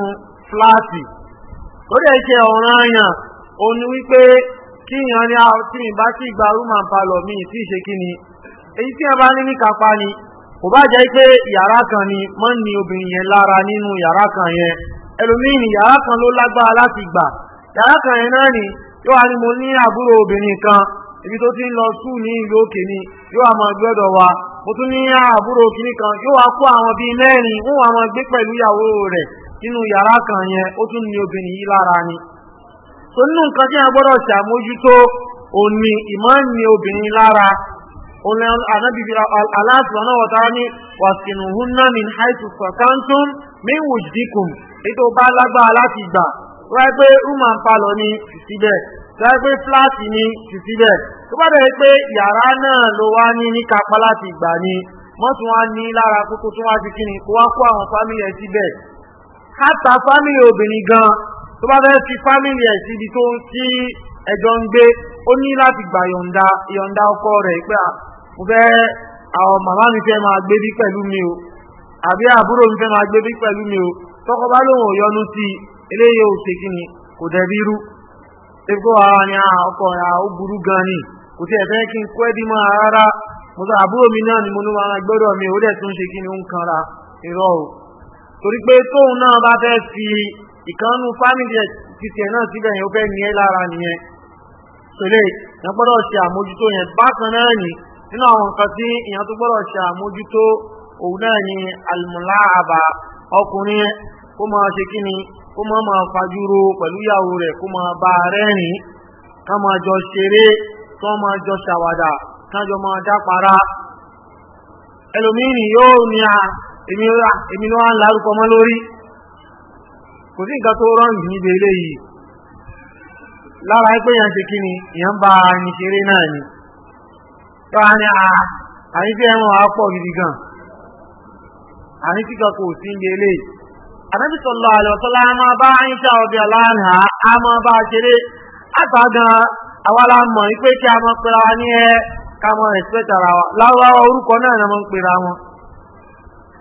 ó dẹ̀ ṣe ọ̀ràn àyàn òun ni wípé kí ìyàn ní tí mi bá sí ìgbà rúmà palọ̀ mi tí ìṣe kí ni èyí tí wọn bá ní ní kápá ni kò bá jẹ́ pé yàrá kan ni mọ́ ni obìnrin yẹn lára nínú yàrá kan yẹn ẹlòmíín ni yàrá kan ló lágbára láti gbà yàrá kan yẹn náà ni yóò wá ní mo ní àbúrò obìnrin kan ibi tó ti ń lọ sùn ní ìlú òkè ni yóò wá máa gbọ́dọ̀ wa mo tún ní àbúrò kìnnìkan yóò wá kó àwọn bíi mẹ́rin wọn wá máa gbé pẹ̀lú ìyàwó rẹ̀ nínú yàrá kan yẹn ó tún ní obìnrin yìí lára ni tó nínú nǹkan tí a gbọ́dọ̀ ṣàmójútó òní ìmọ̀ ní obìnrin lára òní ànábìbí aláàtúwọ̀n náà wọ̀tá ní wàsìnùhúnná haitu sakantum min wujdikum ètò bá lágbára láti gbà wáyé pé rúmà ń palọ̀ ní sísíbẹ̀ wáyé pé fúláàtì ní sísíbẹ̀ tó bá naa pé yàrá náà ló wá ní ní kápá láti gbà ni wọ́n wá ní lára kókó tó káta fámìlì obìnrin gan tó bá fẹ́ fi fámìlì ẹ̀ síbi tó ń tí ẹjọ́ ń gbé ó ní láti gbà yọ̀ǹda yọ̀ǹda ọkọ rẹ̀ pé mo fẹ́ àwọn màmá mi fẹ́ máa gbé bí pẹ̀lú mi o àbí àbúrò mi fẹ́ máa gbé bí pẹ̀lú mi o tọkọ bá lóun ò yọnu sí i eléyìí ò ṣe kí ni kò dẹ̀bi irú epo ara ni ọkọ̀ ra ó burú gan ni kò tí ẹ̀ fẹ́ kí n kó ẹ́ bí mọ́ rárá mo sọ àbúrò mi náà ni mo ní wọn gbọ́dọ̀ mi ò dẹ̀ tún ṣe kí ni ó ń kanra irọ́ o. torí pé tóun náà bá fẹ́ fi ìkànnù fámìlì ẹ̀ títí náà síbẹ̀ yẹn ó fẹ́ ní ẹ́ lára nìyẹn sọlẹ̀ èèyàn gbọ́dọ̀ ṣe àmójútó yẹn bákan náà ni nínú àwọn nǹkan tí èèyàn tó gbọ́dọ̀ ṣe àmójútó òun náà ni ọkùnrin kó máa ṣe kí ni kó máa máa fajúro pẹ̀lú ìyàwó rẹ̀ kó máa jọ ṣeré kán máa jọ ṣàwàdà ká jọ máa dápara èmi rà èmi ló wá lárúkọ mọ́ lórí kò sí nǹkan tó rọ́ǹgì níbi eléyìí lára pé yàn ṣe kí ni èèyàn bá ní ṣeré náà ni tó a ní àní tí ẹran wa pọ̀ gidi gan àní tí kò sí níbi eléyìí àbẹ́bí sọ̀lọ́ a máa bá àyíṣà ọ̀bẹ ọ̀lànà a máa bá ṣeré àtàgàn pé a máa wa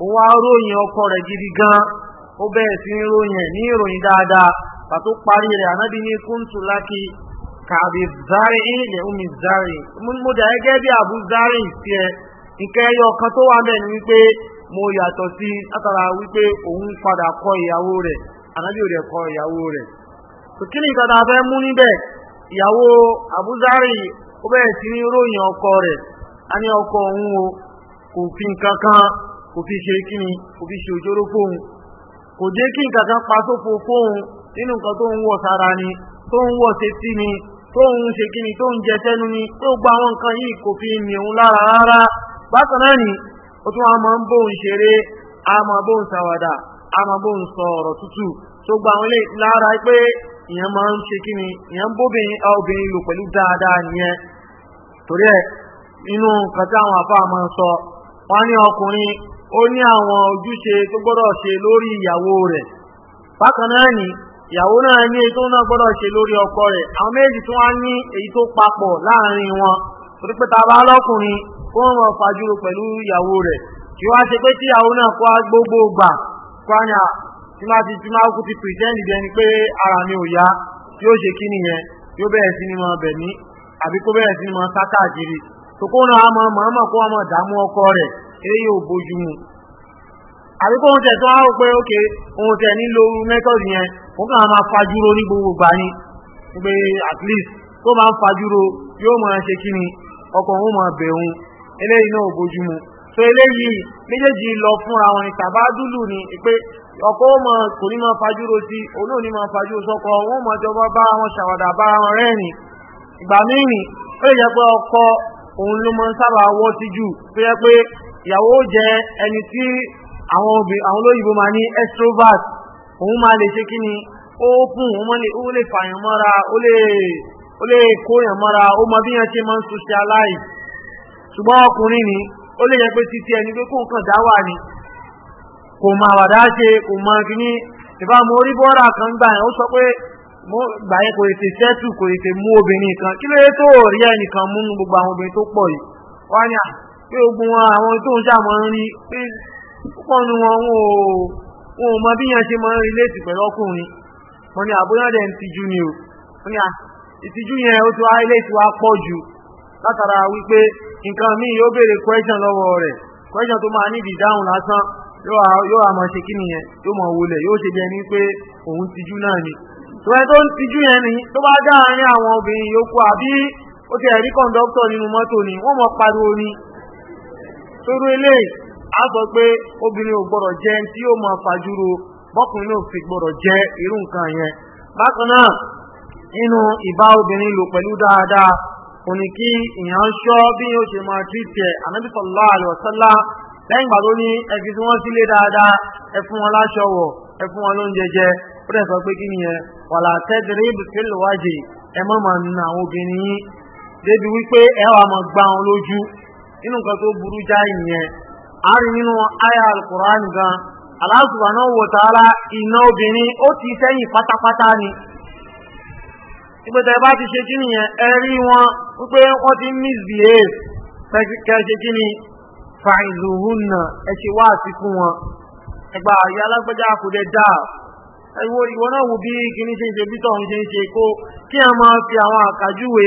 ó wá ròyìn ọkọ rẹ̀ gidi gan ó bẹ̀rẹ̀ sí ní ròyìn ẹ̀ ní ìròyìn dáadáa pàtó parí rẹ̀ ànábì ní kúntù kàbí zari ilẹ̀ omi zari mo dà gẹ́gẹ́ bí àbú zari sí ẹ nǹkan ẹyọ kan tó wà bẹ́ẹ̀ ni wípé mo yàtọ̀ sí látara wípé òun padà kọ ìyàwó rẹ̀ ànábì ò kọ ìyàwó rẹ̀ kò kí ni nǹkan tá a fẹ́ mú níbẹ̀ ìyàwó àbú ọkọ rẹ̀ a ní kò fi ṣe kíni kò fi ṣe òjòrò fóun kò jẹ́ kí nǹkan kan pa sófo fóun nínú nǹkan tó ń wọ̀ sára ni tó ń wọ̀ sétí ni tó ń ṣe tó ń jẹ sẹ́nu ni tó gba àwọn nǹkan yìí kò fi mì lára rárá bákan náà ni ó tún a máa bóun ṣeré a máa bóun ó ní àwọn ojúṣe tó gbọ́dọ̀ ṣe lórí ìyàwó rẹ̀ bákan náà ni ìyàwó náà ní èyí tó náà gbọ́dọ̀ ṣe lórí ọkọ rẹ̀ àwọn méjì tó wá ní èyí tó papọ̀ láàrin wọn torí pé tàbá lọ́kùnrin kó wọ́n mọ̀ fàjúrò pẹ̀lú ìyàwó rẹ̀ kí wá ṣe pé tí ìyàwó náà kó gbogbo gbà kwanya tí máa ti tí kú ti pretend bí pé ara mi ò yá yóò ṣe kí nìyẹn yóò bẹ̀rẹ̀ sí ni máa bẹ̀ mí àbí kó bẹ̀rẹ̀ sí ni máa sá káàkiri tòkó náà á mọ̀ mọ̀ kó wọ́n mọ̀ dààmú ọkọ rẹ̀ eléyìí ò bójú mu àbí kó oúnjẹ tó wáwó pé ókè oúnjẹ nílò mẹ́tọ́dì yẹn wọ́n kàn máa fajúro ní gbogbo gbà ní pé at least tó máa ń fajúro yóò mọ̀ ṣe kí ni ọkọ̀ òun mọ̀ bẹ̀rùn eléyìí náà ò bójú mu so eléyìí méjèèjì lọ fúnra wọn ni tàbá dúlù ni pé ọkọ̀ ó mọ̀ kò ní máa fajúro sí olóò ní máa fajúro sọ́kọ̀ wọ́n mọ̀ jọba bá wọn ṣàwàdà bá wọn rẹ́rìn ìgbà mírìn ó lè jẹ́ pé ọkọ̀ òun ló mọ̀ sábà wọ́ sí jù tó yẹ pé ìyàwó je ẹni tí àwọn olóyìnbó ma ní extrovert òun ma lè ṣe kí ni ó fún òun ó lè fàyàn mọ́ra ó lè kóyàn mọ́ra ó mọ bí yẹn ṣe máa ń socialize ṣùgbọ́n ọkùnrin ni ó lè yẹ pé títí ẹni pé kó nǹkan dá kò kò kí kan gbà yẹn ó sọ pé gbà yẹn kò ètè sẹ́tù kò ètè mú obìnrin kan kí ló yẹ tó rí ẹnìkan mú gbogbo àwọn obìnrin tó pọ̀ yìí wá pé ogun àwọn tó ń sàmọ́ rí pé púpọ̀ wọn wọn ò mọ bí yẹn ṣe máa ń relate pẹ̀lú ọkùnrin wọn ni àbúrò ń tijú ni o wọn ni ìtijú yẹn ó ti wá relate wá pọ̀ jù látara wípé nǹkan míì yóò béèrè question lọ́wọ́ rẹ̀ question tó máa níbi ìdáhùn lásán yóò àmọ́ ṣe kí nìyẹn yóò mọ̀ wọlé yóò ṣe jẹ ní pé òun tijú náà ni tó tó ń tijú yẹn ni tó bá dáhàrin àwọn obìnrin yòókù àbí ó ti ẹ̀rí kọ̀ǹdọ́tọ̀ nínú mọ́tò ni wọ́n mọ̀ pariwo ni pẹ̀lú ilé a sọ pé obìnrin ò gbọ́dọ̀ jẹ́ tí ó máa fàjúrò bọ́kùnrin ò fi gbọ́dọ̀ jẹ́ irú nǹkan yẹn bákan náà nínú ìbá obìnrin lò pẹ̀lú dáadáa kò ní kí ìyàn ṣọ́ bí ó ṣe máa ànábì lẹ́yìn ìgbà tó ní ẹfi tí wala ẹ mọ̀ na àwọn obìnrin yín débi wípé ẹ wà máa gbá wọn lójú nínú nǹkan tó burú já ìyẹn a rí nínú àyà alukur'an gan Allah subhanahu wa ta'ala iná obìnrin ó ti sẹ́yìn pátápátá ni ìpètè bá ti ṣe kí nìyẹn ẹ rí wọn wípé wọ́n ti misbehave kẹ́ẹ̀ṣe kí ni fàìlùhùnà ẹ ṣe wá sí fún wọn ẹgbà ìyá alágbẹ́já kò dẹ̀ dáa ìwọ náà wo bí kìíní ṣe ń ṣe bí tọ̀hún ṣe ń ṣe kó kí a máa fi àwọn àkàjúwe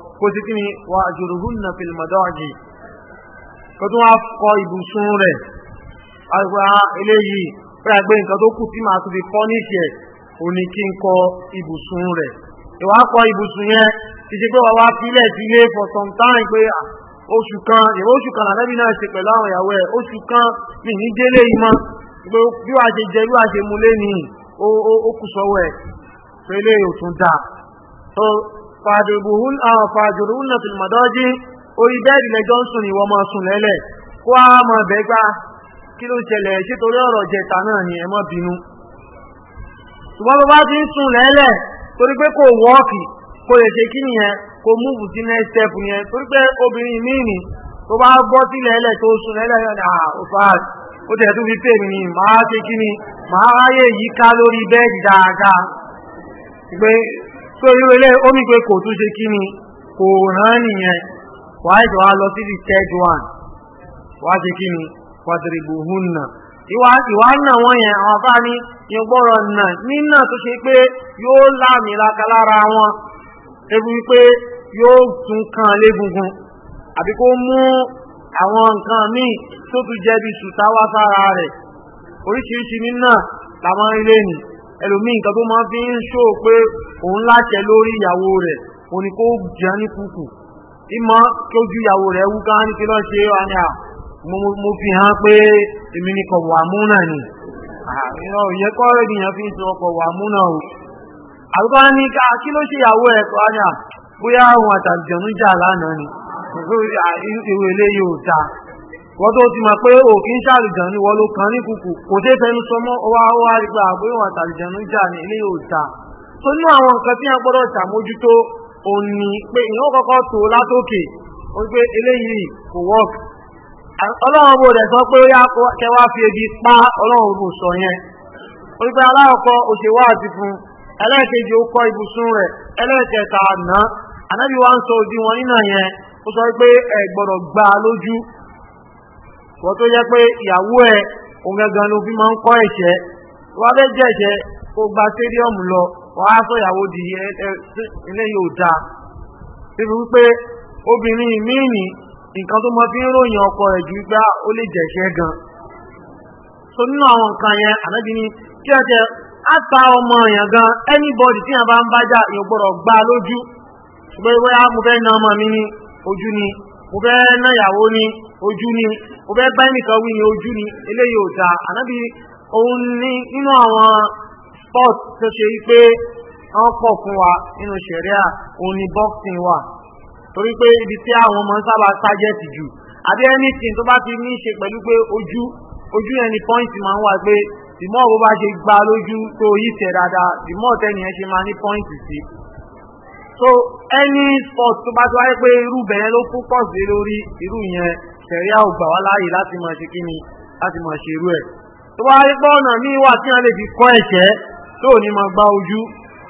kó sí kí ni wà àjòròhúnnà fìlmọ̀dọ́ọ̀jì kó tún wá kọ ibùsùn rẹ̀ àgbà ah, eléyìí pé àgbé nǹkan tó kù tí màá fi kọ́ níṣẹ́ ò ní kí n kọ ibùsùn rẹ̀ ìwà kọ ibùsùn yẹn ti ṣe pé wà wá sílẹ̀ sílé for some time pé ah, oṣù kan oṣù kan làbẹ́bí náà ṣe pẹ̀lú àwọn ìyàwó kan mi ní délé yìí mọ́ bí wàá ṣe jẹ bí wàá ṣe mu lé ó kù sọ́wọ́ ẹ̀ pé dáa fàdùbùhún àwọn fàdùrún náà fìlmọ̀ dọ́jí orí bẹ́ẹ̀dì lẹ́jọ́ ń sùn ìwọ́n máa sùn lẹ́lẹ̀ kó a máa bẹ́ gbá kí ló ṣẹlẹ̀ ṣé torí ọ̀rọ̀ jẹta náà ni ẹ bínú ṣùgbọ́n bó bá ti ń sùn lẹ́lẹ̀ torí pé kò wọ́ọ̀kì kò lè ṣe kí nìyẹn kò múùfù sí next step yẹn torí pé obìnrin míì ni tó bá gbọ́ sí lẹ́lẹ̀ tó sùn lẹ́lẹ̀ yọ̀dà tó irú ilé omi pé kò tún ṣe kí ni kò rán nìyẹn wà á ìjọba lọ sí the third one wà á ṣe kí ni quadribu hunna ìwà ìwà náà wọ́n yẹn àwọn afá ní yóò gbọ́rọ̀ nà nínà tó ṣe pé yóò láàmì laka lára wọn ebi wípé yóò tún kan légungun àbí kó mú àwọn nǹkan míì tó tún jẹ́ bí sùtáwá sára rẹ̀ oríṣiríṣi nínà làwọn ilé nìí ẹlòmíì nǹkan tó máa fi ń ṣó pé òun láṣẹ lórí ìyàwó rẹ̀ òun ni kó jẹ́ ní kùkù ìmọ̀ tójú ìyàwó rẹ̀ wú ká ní kí lọ́ ṣe wà ní à mo fi hàn pé èmi ni kọ̀wà múnà ni àìrọ̀ òye kọ́ ènìyàn fi ń sọ kọ̀wà múnà o àbúkọ́ ní ká kí ló ṣe ìyàwó ẹ̀ àwọn àtàjọ̀nú jà wọ́n tó ti ma pé òkín ṣàlìjàn ní wọ́n ló kan ní kùkù kò tẹ́ fẹnu sọ mọ́ ọwá ọwá ìgbà pé wọ́n jà ní ilé tó ní àwọn nǹkan tí gbọ́dọ̀ ṣàmójútó òní pé ìyẹn kọ́kọ́ tó látòkè eléyìí kò wọ́ọ̀kì ọlọ́run bò dẹ̀ sọ pé ó yá ebi pa ọlọ́run bò sọ yẹn ó àti fún ẹlẹ́ẹ̀kejì ó ibùsùn rẹ̀ ẹlẹ́ẹ̀kẹta àná ń sọ òdiwọ̀n nínà yẹn wọ́n tó yẹ pé ìyàwó ẹ̀ òun gangan ló fi máa ń kọ́ ẹ̀ṣẹ̀ wọ́n fẹ́ jẹ́ ẹ̀ṣẹ̀ kó gba stadiumu lọ wọ́n á sọ ìyàwó di ilé yóò dáa ibi wípé obìnrin míì ní nǹkan tó mọ fi ń ọkọ rẹ̀ ju wípé ó lè gan so nínú àwọn nǹkan yẹn ni kí á ta ọmọ èèyàn gan anybody tí yàn bá ń èèyàn gbọ́dọ̀ gbá na ọmọ mi ní ojú ni mo fẹ́ ní ojú ni ó fẹ́ bá ẹnìkan wí ní ojú ni eléyìí ò dáa ànábì òun ní nínú àwọn sport tó ṣe pé wọ́n pọ̀ fún wa nínú ṣẹ̀ríà òun ni boxing wà torí pé ibi tí àwọn ọmọ sábà tájẹ́tì jù àbí anything tó bá ti ní ṣe pẹ̀lú pé ojú ojú ẹni pọ́ìntì máa ń wà pé dìmọ́ bó bá ṣe gba lójú tó yí tẹ̀ dáadáa dìmọ́ tẹ́ni ẹ ṣe máa ní pọ́ìntì sí so any sport tó bá ti wáyé pé irú bẹ̀rẹ̀ ló fún pọ̀ sí lórí irú yẹn ṣẹ̀ríà ò gbà wá láàyè láti máa ṣe kíni láti máa ṣe irú ẹ̀ tó bá rí ọ̀nà tí wọ́n lè fi kọ́ ní máa gbá ojú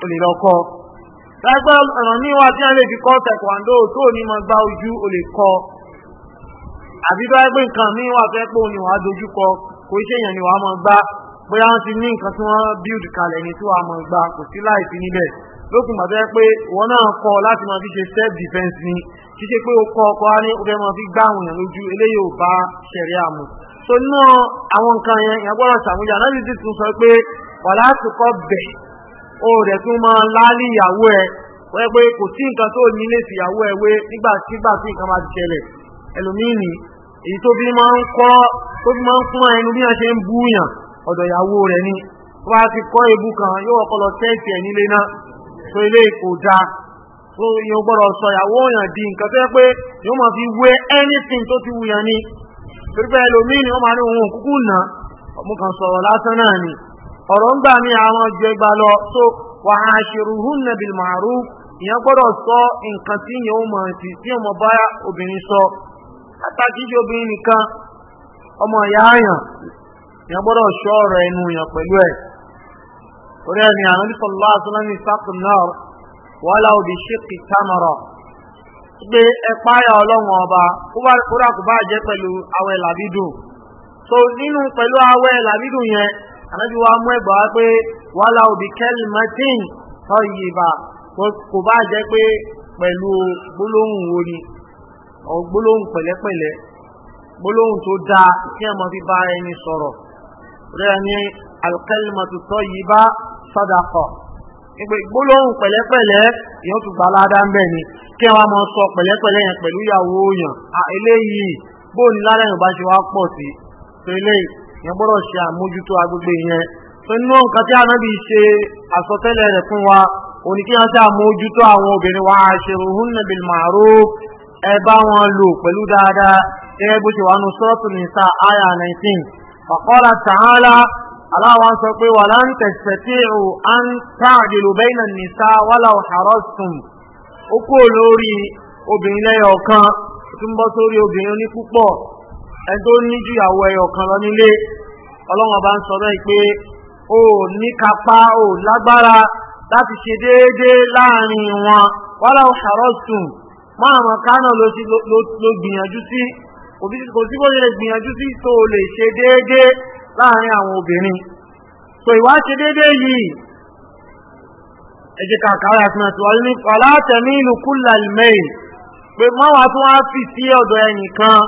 o lè lọ tí wọ́n lè fi kọ́ tó ní ojú o lè kọ́ àbí nǹkan pé kò ṣe èèyàn ni gbá ní nǹkan tí kalẹ̀ ní tí kò sí láìsí níbẹ̀ lókùn bàtẹ́ pé wọn náà kọ láti máa fi ṣe self defense ni títí pé ó kọ ọkọ á ní ó fẹ́ máa fi gbá àwọn èèyàn lójú eléyìí ò bá ṣẹ̀rí àmù so nínú àwọn nǹkan yẹn ìyẹn gbọ́dọ̀ ṣàmúlò anábìsí tún sọ pé wà láti kọ́ bẹ̀ ó rẹ̀ tún máa lálé ìyàwó ẹ̀ wọ́n pé kò sí nǹkan tó nílé sí ìyàwó ẹ̀ wé nígbàtígbà tí nǹkan máa ti ṣẹlẹ̀ ẹlòmíìnì èyí tó bí máa ń kọ́ tó bí máa ń kún ẹnu bí wọ́n ṣe ń búyàn ọ̀dọ̀ ìyàwó rẹ̀ ni wọ́n á ti kọ́ ebú kan yóò ọpọlọ tẹ́ẹ̀tì ẹ̀ nílé náà sọ ilé kò dáa tó yíò gbọ́dọ̀ sọ ìyàwó òyàn di nǹkan tó yẹ pé fi wé anything tó ti wùyàn ni ẹlòmíì ni wọ́n máa ní ohun òkúkú nà ọmọ kan sọ̀rọ̀ lásán náà ni ọ̀rọ̀ ń gbà ní àwọn so wà á ṣerú hún nàbì màrú ìyẹn sọ nǹkan tí yẹn mọ̀ sí tí ọmọ bá obìnrin sọ obìnrin nìkan ọmọ ìyá àyàn sọ ọ̀rọ̀ ẹnu pẹ̀lú ẹ̀ orí ẹni àwọn ní sọlá àtúnámi sákùn náà wà láwọn òbí ṣèkì támọ̀rọ̀ gbé ẹ̀páyà ọlọ́run ọba kódà kó bá jẹ́ pẹ̀lú awẹ́ làbídùn so nínú pẹ̀lú awẹ́ làbídùn yẹn ànájú wa mú ẹ̀bọ̀ wá pé wà láwọn òbí kẹ́lì mẹ́tìn tọ́ ìyèbà kó bá jẹ́ pé pẹ̀lú gbólóhùn orí gbólóhùn pẹ̀lẹ́pẹ̀lẹ́ gbólóhùn tó dáa kí ẹ mọ fi bá ẹni alkalimatu tayyiba sadaqa ìpè gbólóhùn pẹ̀lẹ́pẹ̀lẹ́ yóò tún gba aládá ń bẹ̀ ni kí wọ́n mọ sọ pẹ̀lẹ́pẹ̀lẹ́ yẹn pẹ̀lú ìyàwó yàn eléyìí bó ní lálẹ́ yóò bá ṣe wá pọ̀ sí tó eléyìí yẹn gbọ́dọ̀ ṣe àmójútó agbègbè yẹn tó nínú nǹkan tí anábì ṣe àsọtẹ́lẹ̀ rẹ̀ fún wa òní kí wọ́n ṣe àmójútó àwọn obìnrin wa ashiruhunna bil ma'ruf ẹ bá wọn lò pẹ̀lú dáadáa ẹ bó ṣe wà nù sọ́ọ̀tù nìsa àyà 19 aláwọn sọ pé wà láń tẹ̀sẹ̀tì ò à ń táàdìlù bẹ́ẹ̀nà nìta n'isa òhàrọ́sùn ó kú lórí obìnrin lẹ́yọ̀ kan tún bọ́ sórí obìnrin ní púpọ̀ ẹni tó ìyàwó ẹyọ̀ kan lọ nílé bá ń sọ bẹ́ẹ̀ pé ó ní kápá ó lágbára láti ṣe déédéé láàrin wọn wàlà òhàrọ́sùn márùn-ún kánà ló gbìyànjú sí kò sí bó ṣe gbìyànjú sí láàrin àwọn obìnrin so ìwá ṣe dédé yìí ẹjẹ́ kàkàrà àti àti wà ní fàlátẹ̀mí ìlú kúlà ìmẹ́yìn pé mọ́wàá tó wá fi sí ọ̀dọ̀ ẹnìkan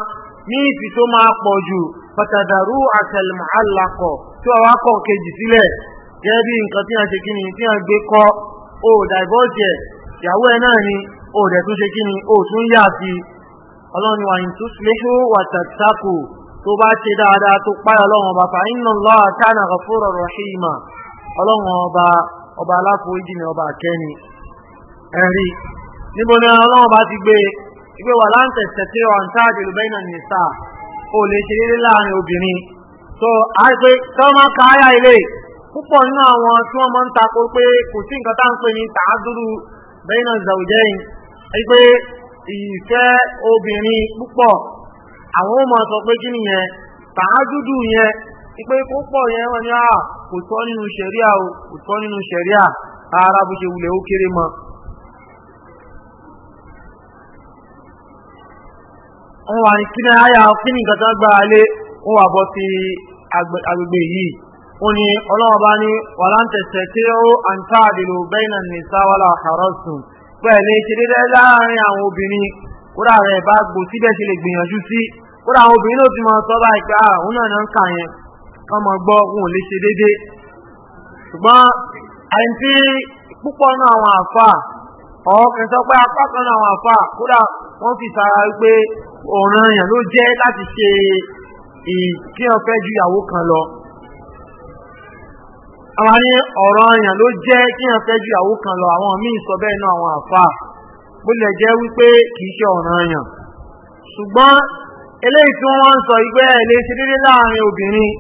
ní ìfì tó máa pọ̀ jù pàtàdàrú àtẹlùmọ̀ alákọ̀ tí wọ́n wá kọ̀ kejì sílẹ̀ gẹ́gẹ́ bí nǹkan tí a ṣe kíni tí a gbé kọ́ ó dàbọ́jẹ̀ ìyàwó ẹ náà ni ó dẹ̀ tún ṣe kíni ó tún yà sí ọlọ́run wà ní tó tó bá ṣe dáadáa tó páyọ̀ ọlọ́run ọba fa inna Allaha kana ghafuran rahima ọlọ́run ọba ọba aláforíjì ni ọba àkẹ́ni ẹ̀rí níbo ni ọlọ́run ọba ti gbé e? wà láǹtẹ̀ tẹ̀tẹ̀ ọ̀ǹtáàjì lùbẹ́yìn ní ó lè ṣe déédéé láàrin obìnrin a pé tó máa ka áyà ilé púpọ̀ nínú àwọn tí wọ́n máa ń pé kò sí nǹkan tá à ń pè ní àwọn ọmọ sọ pé kí nìyẹn tàá yẹn pé kó pọ̀ yẹn wọ́n ni a ah, kò tọ́ nínú ṣẹ̀ríà o kò tọ́ nínú ṣẹ̀ríà ara bó ṣe wulẹ̀ ó kéré mọ́ wọ́n wà ní kíni àyà kíni nǹkan tó gbára wọ́n wà bọ́ sí agbègbè yìí ọlọ́wọ́ bá ní àǹtá àdìlò bẹ́ẹ̀nà ní sáwọ́lá pẹ̀lú gbìyànjú sí kódà àwọn obìnrin ló fi mọ sọ báyìí pé àwọn ah, náà ń kà yẹn kán mọ gbọ́ wọn ò lè ṣe déédéé ṣùgbọ́n àìntí púpọ̀ náà àwọn àfà ọ̀ọ́kẹ́ sọ pé apá kan náà àwọn àfà kódà wọ́n fi sára wípé ọ̀ràn èèyàn ló jẹ́ láti ṣe ìkíyàn fẹ́ ju ìyàwó kan lọ àwọn ní ọ̀rọ̀ èèyàn ló jẹ́ kíyàn fẹ́ ju ìyàwó kan lọ àwọn míì sọ bẹ́ẹ̀ náà àwọn àfà bó lè jẹ́ wípé kìí ṣe ọ̀ràn èèyàn ṣùgbọ́n eléyìí tí wọ́n ń sọ ìgbẹ́ ẹ̀lẹ́ ìṣedédé láàrin obìnrin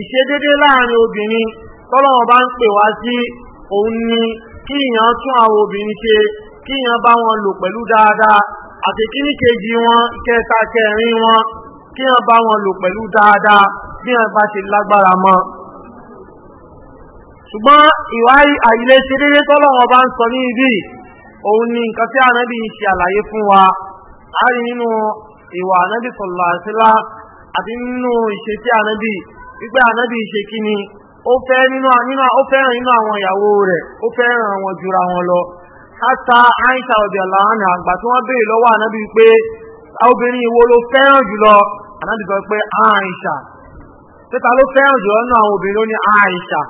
ìṣedédé láàrin obìnrin tọ́lọ́wọ́n bá ń pè wá sí òun ni kí èèyàn tún àwọn obìnrin ṣe kí èèyàn bá wọn lò pẹ̀lú dáadáa àti kíní kejì wọn kẹta kẹrin wọn kí èèyàn bá wọn lò pẹ̀lú dáadáa bí èèyàn bá ṣe lágbára mọ́ ṣùgbọ́n ìwà àìlè ìṣedédé tọ́lọ́wọ́n bá ń sọ ní ibi òun ni nǹkan tí ànábì ń ṣe àlàyé ìwà ànábì sọ̀lá sílá àti nínú ìṣe tí ànábì wípé ànábì ṣe kí ni ó fẹ́ nínú ó fẹ́ràn nínú àwọn ìyàwó rẹ̀ ó àwọn jura wọn lọ hátà Aisha ọ̀dẹ̀ làánà àgbà tí wọ́n béèrè lọ́wọ́ ànábì pé obìnrin wo ló fẹ́ràn jùlọ ànábì sọ pé Àìṣà títa ló fẹ́ràn jùlọ nínú àwọn obìnrin ló ní Àìṣà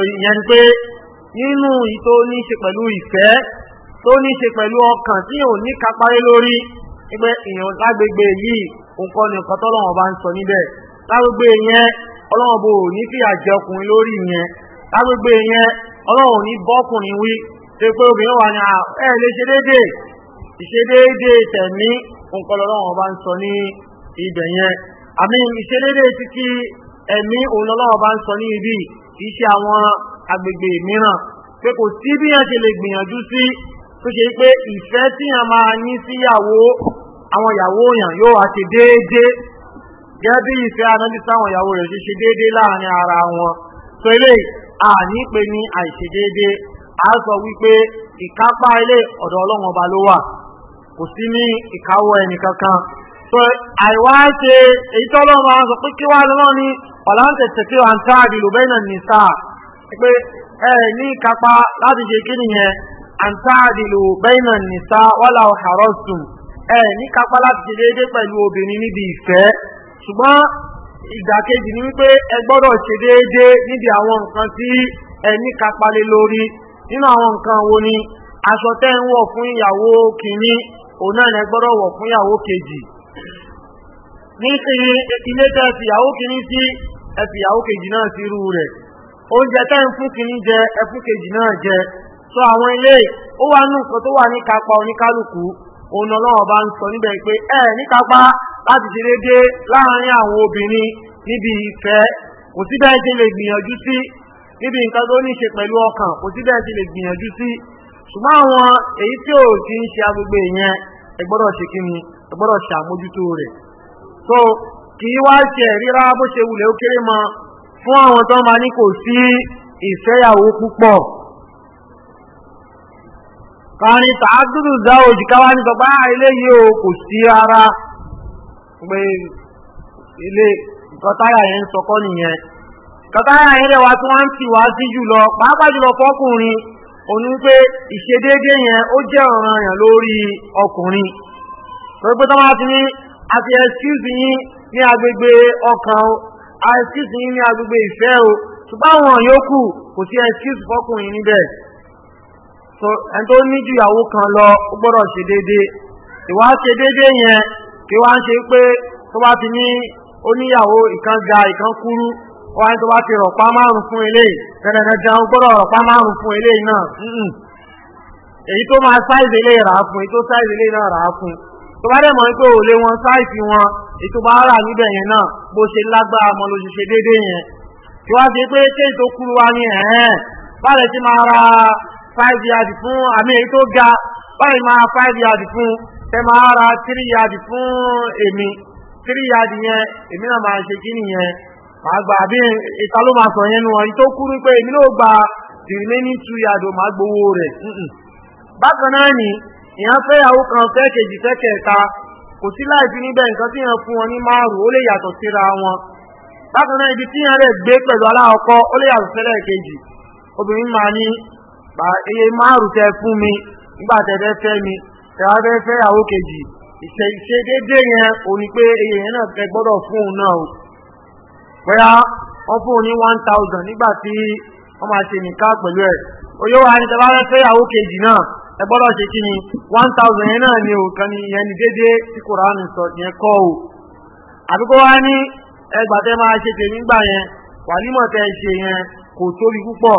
ìyẹn pé nínú tó ní ṣe pẹ̀lú ìfẹ́ tó ní ṣe pẹ̀lú ọkàn tí ò ní pé èèyàn lágbègbè yìí nǹkan ni nǹkan tọ́lọ́wọ́n bá ń sọ níbẹ̀ lágbègbè yẹn ọlọ́wọ́n bò ní fìyà jẹ ọkùnrin lórí yẹn lágbègbè yẹn ọlọ́wọ́n ní bọ́kùnrin wí ṣe pé obìnrin wà ní ẹ lè ṣe déédé ìṣe déédé tẹ̀mí nǹkan lọ́wọ́n bá ń sọ ní ibẹ̀ yẹn àmì ìṣe ti kí ẹ̀mí òun lọ́wọ́n bá ń sọ ní ibi kì í ṣe àwọn agbègbè mìíràn pé kò sí bí yẹn ti lè gbìyànjú sí tó ṣe pé ìfẹ́ tíyàn máa ní síyàwó àwọn ìyàwó yàn yóò wá ṣe déédéé gẹ́gẹ́ bí ìfẹ́ anábì sáwọn ìyàwó rẹ̀ ṣe ṣe déédéé láàrin ara wọn so eléyìí àní pé ní àìṣedéédéé a sọ wípé ìkápá ilé ọ̀dọ̀ ọlọ́run ọba ló wà kò sí ní ìkáwọ́ ẹnìkankan so àìwá ṣe èyí tọ́lọ́ máa sọ pé kí wá lọ́nà ní ọ̀làǹtẹ̀ tẹ̀tẹ̀ àǹtá àdìlò bẹ́ẹ̀ náà ní sáà pé ẹ ní ìkápá láti ṣe kí nìyẹn àǹtá àdìlò bẹ́ẹ̀ náà ní sáà wọ́lá ọ̀hárọ̀ sùn ẹ ní kápá láti ṣe déédé pẹ̀lú obìnrin níbi ìfẹ́ ṣùgbọ́n ìdàkejì ni wípé ẹ gbọ́dọ̀ ṣe déédé níbi àwọn nǹkan tí ẹ kápá lé nínú àwọn nǹkan wo ni aṣọ tẹ́ ń wọ̀ fún ìyàwó kìíní òun náà ẹ gbọ́dọ̀ wọ̀ fún ìyàwó kejì nísìnyí ilé tẹ́ fi ìyàwó kìíní sí ẹ fi ìyàwó kejì náà sí irú rẹ̀ oúnjẹ so àwọn ilé ó wà nù nǹkan tó wà ní kápá òun ọlọ́wọ́ bá ń sọ níbẹ̀ pé ẹ níkápá láti ṣe déédéé láàárín àwọn obìnrin níbi ìfẹ́ kò sí bẹ́ẹ̀ ti lè gbìyànjú sí níbi nǹkan tó ní ṣe pẹ̀lú ọkàn kò sí bẹ́ẹ̀ ti lè gbìyànjú sí ṣùgbọ́n àwọn èyí tí ò kí ń ṣe agbègbè yẹn ẹ ṣe kí ni ẹ ṣe àmójútó rẹ̀ so kì í wá ṣe ríra bó ṣe wulẹ̀ ó kéré mọ fún àwọn tó máa ní kò sí ìfẹ́yàwó púpọ̀ kàní tààdúdù dá òjì káwá ní sọpá ilé ah, yìí o kò sí ara pé ilé kọtáyà yẹn ń sọkọ́ nìyẹn kọtáyà yẹn lẹ́wà tí wọ́n ń tì wá sí jùlọ pàápàá jùlọ fọ́kùnrin òní pé ìṣedéédé yẹn ó jẹ́ ọ̀ràn yẹn lórí ọkùnrin torí pé tọ́wọ́ ti ní àti excuse yín ní agbègbè ọkàn o excuse yín ní agbègbè ìfẹ́ o ṣùgbọ́n àwọn yòókù kò sí excuse fọ́kùnrin níbẹ̀ ẹni tó ní ju ìyàwó kan lọ ó gbọ́dọ̀ ṣe déédéé ìwà ṣe déédéé yẹn kí wá ń ṣe pé tó bá ti ní oníyàwó ìkan ga ìkan kúrú wá ní tó bá ti rọ̀pá márùn fún ilé tẹ́lẹ̀dẹ́dẹ́ ó gbọ́dọ̀ rọ̀pá márùn fún ilé náà èyí tó máa sáìsì ilé rà fún èyí tó sáìsì ilé náà rà fún tó bá dẹ̀ mọ̀ pé ò lé wọn sáìsì wọn èyí tó bá rà níbẹ̀ yẹn náà bó ṣe lágbára mọ́ ló ṣe ṣe déédéé yẹn tí wá ṣe pé kéèyàn tó kúrú wá ní ẹ̀ẹ́n bá lè ti máa ra five yard fún àmì èyí tó ga báyìí máa five yard fún tẹ máa ra three yard fún èmi three yard yẹn èmi náà máa ṣe kíní yẹn máa gbà àbí ìta ló máa sọ yẹn nu ọ̀yìn tó kúrú pé èmi náà gba the remaining two yard ò máa gbowó rẹ̀ bákan náà ni ìyẹn kan fẹ́ kejì fẹ́ kẹta kò sí láìsí níbẹ̀ nǹkan tí yẹn fún wọn ní márùn lè yàtọ̀ síra wọn bákan ibi tí rẹ̀ gbé pẹ̀lú ó lè gba iye márùn tẹ fún mi nígbà tẹ́fẹ́ fẹ́ mi tẹ́wá fẹ́ fẹ́ ìyàwó kejì ìṣe ìṣe déédéé yẹn ò ní pé iye yẹn náà fẹ́ o bóyá wọ́n fún òun ní one thousand nígbà tí wọ́n máa ṣe nìkan pẹ̀lú ẹ̀ oyè wa ni tẹ́wá fẹ́ fẹ́ kejì náà ẹ gbọ́dọ̀ ni one thousand yẹn náà ni o kan ni yẹn ni déédéé tí sọ yẹn kọ́ o wa ní máa ṣe yẹn wàlímọ̀ tẹ́ yẹn kò tóbi púpọ̀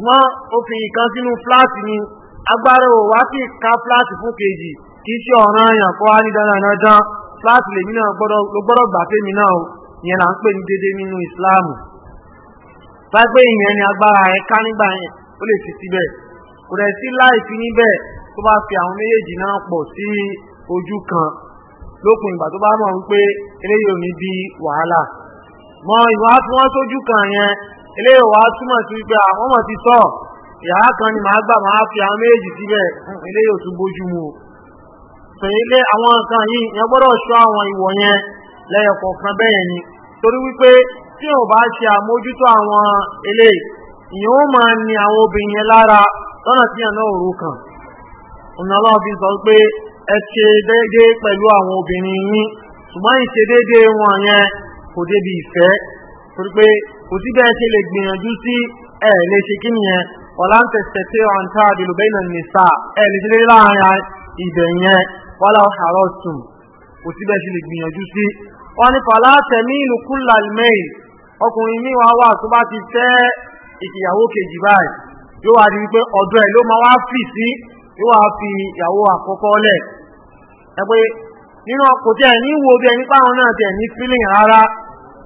ṣùgbọ́n ó fi ìkan sínú fláàtì ni agbára ò wá sí ká fláàtì fún kejì kì í ṣe ọ̀ràn àyàn kó wá ní dandandan fláàtì lèmi náà ló gbọ́dọ̀ gbà fẹ́mi náà o ìyẹn là ń pè ní dédé nínú ìsìláàmù pàápẹ́ ìyẹn ni agbára ẹ̀ ká nígbà yẹn ó lè fi síbẹ̀ kò rẹ̀ sí láìsí níbẹ̀ tó bá fi àwọn méjèèjì náà pọ̀ sí ojú kan lópin ìgbà tó bá mọ̀ wípé eléyìí ò ní bí wàhálà mọ ìwà tí wọn sójú kan yẹn eléyìí wàá túmọ̀ sí wípé àwọn ọmọ ti sọ ìhà kan ni ma gbà máa fi àwọn méjì síbẹ̀ eléyìí ò tún bójú mu tẹ̀lé àwọn nǹkan yìí yẹn gbọ́dọ̀ ṣọ́ àwọn ìwọ̀ yẹn lẹ́yọ kan bẹ́yẹn ni torí wípé tí ò bá ṣe àmójútó àwọn ìyẹn ó máa ní àwọn obìnrin yẹn lára lọ́nà tí yàn náà òru kan ọ̀nà ọlọ́run fi sọ pé ẹ ṣe torí pé kò sí bẹ́ẹ̀ ṣe lè gbìyànjú sí ẹ lè ṣe kí nìyẹn wọ́n láǹtẹ̀ tẹ̀sí ọ̀ǹtà àdìlú bẹ́ẹ̀ nà nìsà ẹ̀ lè ṣe lé láàrin ibẹ̀ yẹn wọ́n gbìyànjú sí. wọ́n ní fàlà tẹ̀mí ìlú kúlà mẹ́yìn ọkùnrin ti fẹ́ ìyàwó kejì báyìí yóò wá di wípé ló máa wá fì sí yóò wá fi ìyàwó àkọ́kọ́ lẹ̀ ẹ pé nínú tí ẹ̀ ní wo bí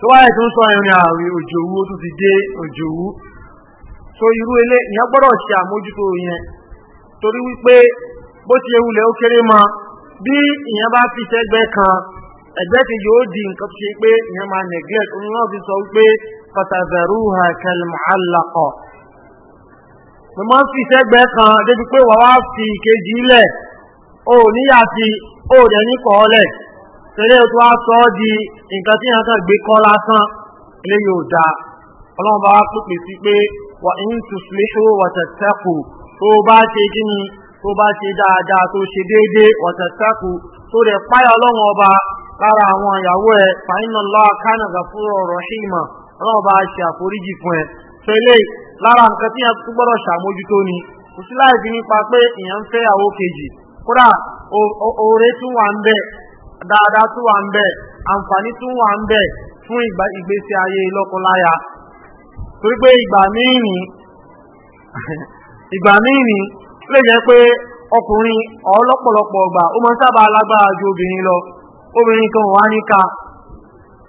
tó wáyé tó ń sọ ìrìn àrùn òjòwú tó ti dé òjòwú tó irú ilé ìyẹn gbọ́dọ̀ ṣe àmójútó yẹn torí wípé bó ti ewúlẹ̀ ó kéré mọ́ bí ìyẹn bá fi sẹ́gbẹ́ kan ẹgbẹ́ kejì ó di nǹkan tó ṣe pé ìyẹn máa neglect oní náà fi sọ wípé pàtàkì kẹlmàálàkọ̀ mo máa ń fi sẹ́gbẹ́ kan débi pé wàá wá fi ìkejì ilẹ̀ ò níyàtì ò dẹ̀ ní kọ́ọ́lẹ̀ tẹ́lẹ̀ tó wá sọ ọ́ di nǹkan tí yàn gbé kọ́ lásán ilé yóò da ọlọ́run bá wá pèpè sí pé wà ń tùsùlẹ́ṣó wọ̀tẹ̀tẹ̀kù tó bá ṣe kí ni tó bá ṣe dáadáa tó ṣe déédéé wọ̀tẹ̀tẹ̀kù tó rẹ̀ páyà ọlọ́run ọba lára àwọn ìyàwó ẹ̀ fàyínà lọ́wọ́ kánàgà fún ọ̀rọ̀ ṣìmọ̀ ọlọ́run bá ṣe àforíjì fún ẹ tẹ́lẹ̀ lára nǹkan tí yàn gbọ́dọ̀ ṣàmójútó ni kò sí láì fi nípa pé ìyàn ń fẹ́ àwọ̀ kejì kódà oore tún wà ń bẹ́ẹ̀ dáadáa tún wà ń bẹ̀ àǹfààní tún wà ń bẹ̀ fún ìgbésí ayé lọ́kọláya torí pé ìgbà míì ìgbà míì ní lè jẹ́ pé ọkùnrin ọlọ́pọ̀lọpọ̀ ọgbà ó máa ń sábà lágbára ju obìnrin lọ obìnrin kan wà níka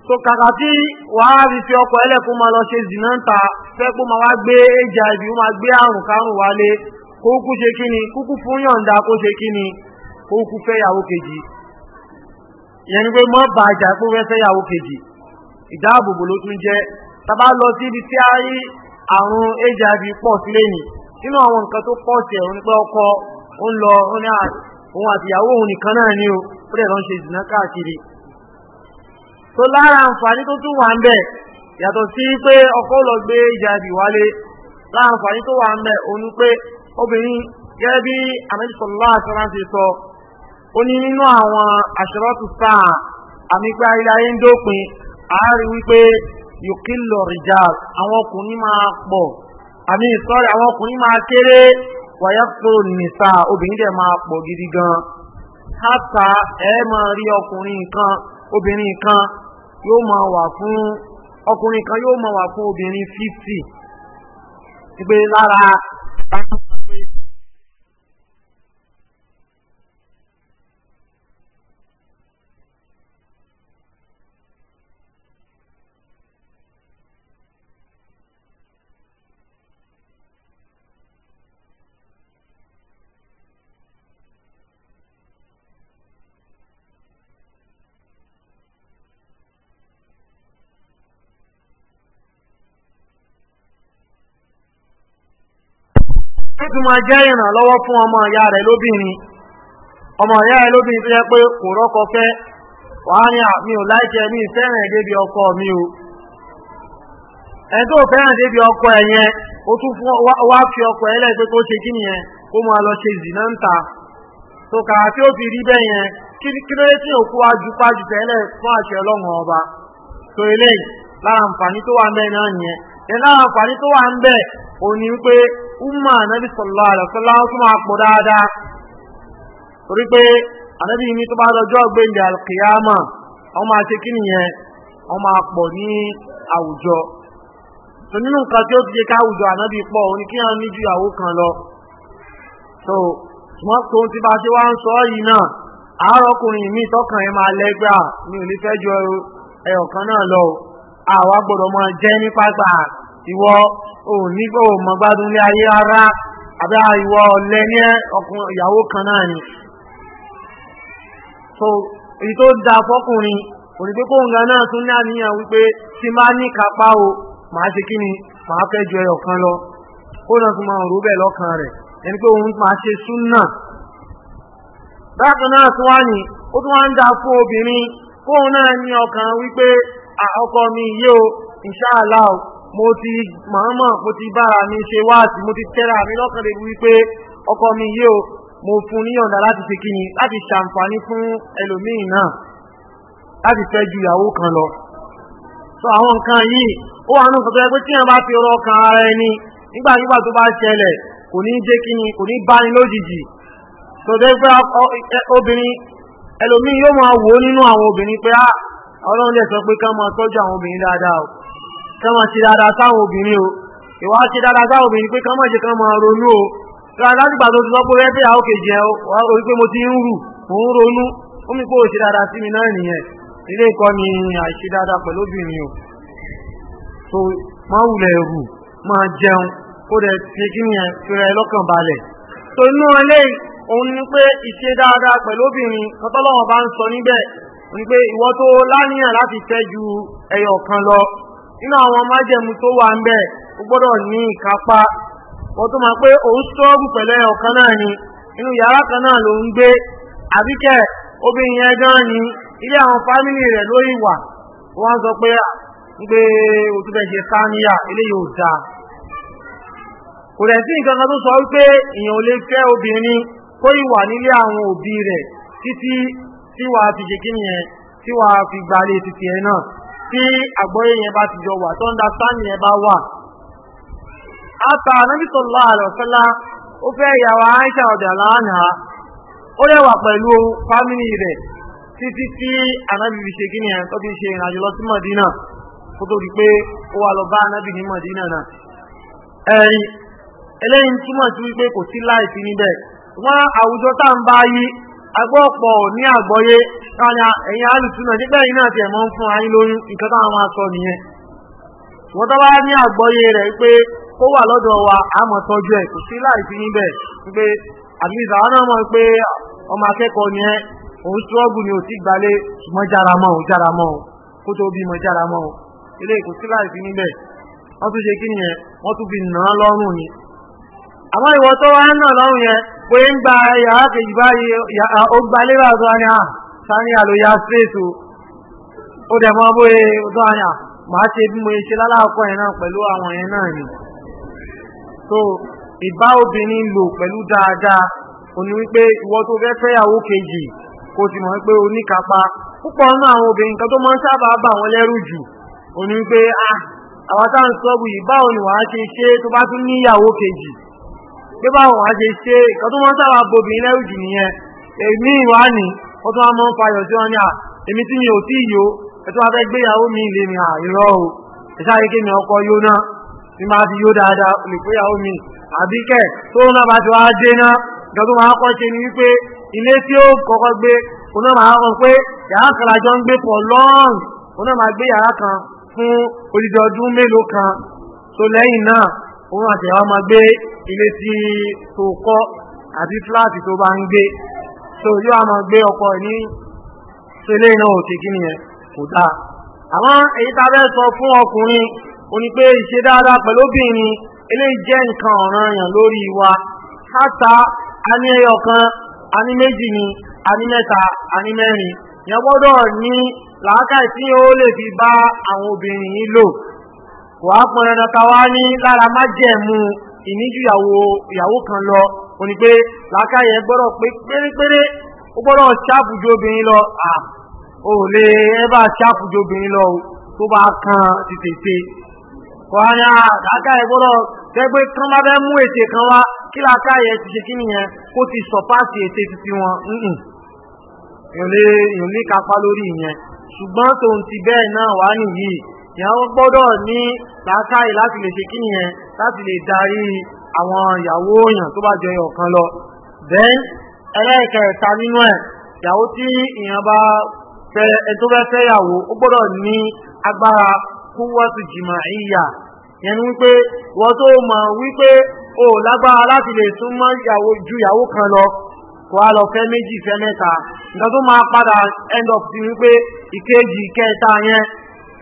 so kàkà tí wàá rí fi ọkọ̀ ẹlẹ́kùn máa lọ ṣe zìnà ń ta fẹ́ kó máa wá gbé hiv ó máa gbé àrùn karùn wálé kó kú ṣe kíni kúkú fún yọ̀ǹda kó ṣe kíni kó kú fẹ́yàwó kejì ìyẹn ni pé mọ́ bá ìjà pé wẹ́ fẹ́ yàwó kejì ìdáàbòbò ló tún jẹ́ tàbá lọ sí ibi tí a rí àrùn hiv pọ̀ sí lẹ́yìn nínú àwọn nǹkan tó pọ̀ sí ẹ̀rùn pé ọkọ ń lọ òun àtìyàwó òun nìkan náà ni o ó dẹ̀ lọ ṣe ìdìnnà káàkiri tó lára àǹfààní tó tún wà ń bẹ̀ yàtọ̀ sí pé ọkọ lọ gbé hiv wálé lára tó wà ń bẹ̀ òun pé obìnrin gẹ́gẹ́ bí àmẹ́sọ̀lá àṣọ́ráńṣe sọ ó ní nínú àwọn àṣírọ́tù sáà àmìgbà iláyé ń dópin àárí wípé yòkìlọ̀ rìjà àwọn ọkùnrin máa pọ̀ àmì ìsọ́rí àwọn ọkùnrin máa kéré wàyàkùrò nìta obìnrin dẹ̀ máa pọ̀ gidi gan hátà ẹ máa rí ọkùnrin kan obìnrin kan yóò máa wà fún kan yóò máa wà fún obìnrin 50 ìgbé lára tó fi máa jẹ́ ìrànlọ́wọ́ fún ọmọ ìyá rẹ̀ lóbìnrin ọmọ ìyá rẹ̀ lóbìnrin tó jẹ́ pé kò rọ́kọ fẹ́ o ní àmì ò láìjẹ́ ní ìfẹ́ràn ọkọ mi o ẹni tó fẹ́ràn débi ọkọ ẹ̀ yẹn ó tún fún fi ọkọ ẹ̀ lẹ́gbẹ́ tó ṣe kí nìyẹn kó máa lọ ṣe zì náà ń ta tó kà fi rí bẹ́ẹ̀ yẹn kí ló tí òkú wájú pájú tẹ́lẹ̀ fún àṣẹ ọlọ́run ọba tó eléyìí lára àǹfààní tó wà ń bẹ́ẹ̀ náà yẹn lára àǹfààní tó wà ń bẹ́ẹ̀ òní pé umma anabi sallallahu alaihi wasallam tún máa pọ̀ dáadáa torí pé anabi ní tó bá dọjọ́ gbẹ̀ndẹ̀ alkiyama wọ́n máa ṣe kí nìyẹn wọ́n máa pọ̀ ní àwùjọ tó nínú nǹkan tí ti jẹ́ ká àwùjọ anabi pọ̀ ju kan lọ so wọ́n tó ti bá ṣe wa ń sọ yìí náà àárọ̀kùnrin mi tọkàn ẹ máa lẹ́gbà mi ò ní fẹ́ ju ẹyọ̀kan náà lọ o ní pé ò gbádùn ilé ayé ara àbí ìwọ ọlẹ ní ọkùnrin ìyàwó kan náà ni so èyí tó da fọkùnrin pé náà tún ní àníyàn wípé tí máa ní kápá o màá ṣe kí ni màá ju lọ kó náà tún máa rò ẹni pé òun máa ṣe súnà bákan náà tún wá ní ó tún ń da fún obìnrin mi yé o ìṣáàlá o mo ti màámọ̀ mo ti bára mi ṣe wáàsí mo ti tẹ́ra mi lọ́kàn lè ọkọ mi yé o mo fún níyọ̀ǹda láti ṣe kí ni láti ṣàǹfààní fún ẹlòmíì náà láti fẹ́ ju kan lọ so àwọn nǹkan yìí ó wà nù sọ̀tọ̀ pé tí wọ́n bá fi ọ̀rọ̀ kan ara ẹni nígbà nígbà tó bá ṣẹlẹ̀ kò ní jẹ́ kí ni kò ní bá lójijì pé obìnrin ẹlòmíì yóò máa wò ó nínú àwọn obìnrin pé ah, ọlọ́run sọ pé ká máa kán máa ṣe dáadáa sáwọn obìnrin o ìwà ṣe dáadáa sáwọn obìnrin pé kán máa ṣe kán máa ronú o kán aládùúgbà tó ti sọ pé wẹ́ẹ́ àwọn kejì ẹ orí pé mo ti ń rù mò ń ronú ó mi o ṣe dáadáa sí mi náà nìyẹn ilé ìkọ́ ni àìṣe pẹ̀lú obìnrin o so ṣe dáadáa pẹ̀lú nínú àwọn májẹ̀mú tó wà ń bẹ̀ ó gbọ́dọ̀ ní ìkápá wọ́n tó máa pé òun sọ́ọ̀bù pẹ̀lẹ́ ọ̀kan náà ni inú yàrá kan náà ló ń gbé àbíkẹ́ obìnrin gan ni ilé àwọn fámìlì rẹ̀ lórí wà wọ́n sọ pé ah, pé òtúbẹ̀ ṣe sáníyà ilé yóò da kò rẹ̀ sí nǹkan kan tó sọ wípé èèyàn lè fẹ́ obìnrin kó ìwà nílé àwọn òbí rẹ̀ títí fi ṣe kí fi gbalé tí àgbọ́yé yẹn bá ti jọ wà tó ń da sáàmì yẹn bá wà. Ata Ànábì sallallahu alaihi wasallam ó fẹ́ ìyàwó Aisha ọ̀dà láàánà ó lẹ́wà pẹ̀lú fámìlì rẹ̀ títí tí Ànábì fi ṣe kíni fi ṣe ìrìnàjò lọ sí Mọ̀dínà kó tó di pé ó wà lọ bá ní Mọ̀dínà náà. wípé kò sí láìsí níbẹ̀. Wọ́n àwùjọ agbọ́pọ̀ ní àgbọ́yé káàlá ẹ̀yìn alùsùnà nígbà yìí náà ti ẹ̀mọ́ ń fún ayé lóyún nǹkan táwọn máa sọ nìyẹn wọ́n tó bá ní àgbọ́yé rẹ̀ pé ó wà lọ́dọ̀ wa àmọ́ ẹ̀ kò sí láì níbẹ̀ pé àbíza wọn náà mọ̀ pé ọmọ akẹ́kọ̀ọ́ nìyẹn òun ṣọ́ọ̀gù ni ò ti gbalé ṣùgbọ́n jára mọ́ ò jára mọ́ ò kó tó bí mọ́ jára mọ́ ò ilé kò sí láì níbẹ̀ wọ́n tún ṣe kí nìyẹn wọ́n tún fi nà án lọ́rùn ni àwọn ìwọ tó wá náà lọ́rùn yẹn pé ń gba yàá kejì báyìí ó gba lébà tó wáyà sani àlòyà síréètì ó dẹ̀ mọ́ bóyá tó wáyà ṣe bí mo ṣe láláàkọ́ yẹn náà pẹ̀lú àwọn yẹn náà ni. so ìbá obìnrin lò pẹ̀lú dáadáa òní wípé ìwọ tó fẹ́ fẹ́yàwó kejì kó ti mọ̀ pé oníkapa púpọ̀ nínú àwọn obìnrin kan tó máa sábà bà wọ́n lẹ́rù jù òní wípé àwọn táwọn sọ́ọ̀bù yìí báwo ni wàá ṣe ṣe tó bá tún níyàwó pé báwọn wá ṣe ṣe ìkan tó wọ́n sábà bobìnrin lẹ́rù jù nìyẹn èmi ni ó tún wá mọ́ ń mi ò tí yó ẹ̀tọ́ wá fẹ́ gbéyàwó mi lè mi àìrọ́ o ìsáyé kí mi ọkọ̀ yó náà tí máa fi dáadáa mi a tó ń náà bá ti wá dé ìkan tó máa ni wípé ilé tí ó kọ́kọ́ gbé òun náà máa kọ́ pé yàrá kan lájọ ń gbé pọ̀ lọ́ọ̀rùn náà ilé tí tó kọ́ àti fúláàtì tó bá ń gbé tó yóò àmọ́ gbé ọkọ̀ ní sílé náà ò ti kíni yẹn kò dáa àwọn èyí tá a fún ọkùnrin ó ní pé ìṣe dáadáa pẹ̀lú obìnrin jẹ́ nǹkan ọ̀ràn yàn lórí wa káta a ní ẹyọ kan a ní méjì ni a ní mẹ́ta a ní mẹ́rin yẹn gbọ́dọ̀ ní làákàì tí ó lè fi bá àwọn obìnrin yìí lò kò á pọn dandan ta wá ní lára májẹ̀mú ìníjú ìyàwó kan lọ o ní pé làákàyẹ gbọ́dọ̀ pé pérépéré ó gbọ́dọ̀ ṣáàpùjọ obìnrin lọ à ò lè ẹ́bà ṣáàpùjọ obìnrin lọ tó bá kan ti tètè kọ́nyá làákàyẹ gbọ́dọ̀ tẹ́gbẹ́ kan bá fẹ́ mú ètè kan wá kí làákàyẹ ti ṣe kí nìyẹn kó ti sọ̀páàsì ètè títí wọn ìyọ̀lé ìyọ̀lé kápá lórí ìyẹn ṣùgbọ́n tòun ti bẹ́ẹ̀ náà wá nìyí ìyàwó gbọ́dọ̀ ní làákàyè láti lè ṣe kí nìyẹn láti lè darí àwọn ìyàwó èèyàn tó bá jẹ ọ̀kan lọ then ẹlẹ́ẹ̀kẹta nínú ẹ̀ ìyàwó tí èèyàn bá fẹ́ ẹni tó fẹ́ fẹ́ ìyàwó ó gbọ́dọ̀ ní agbára kúwọ́tù jìmọ̀ ìyà yẹn wípé wọ́n tó mọ̀ wípé o lágbára láti lè súnmọ́ ìyàwó ju ìyàwó kan lọ kò á lọ fẹ́ méjì fẹ́ mẹ́ta nǹkan tó máa padà end up sí wípé ìkejì ìkẹta yẹn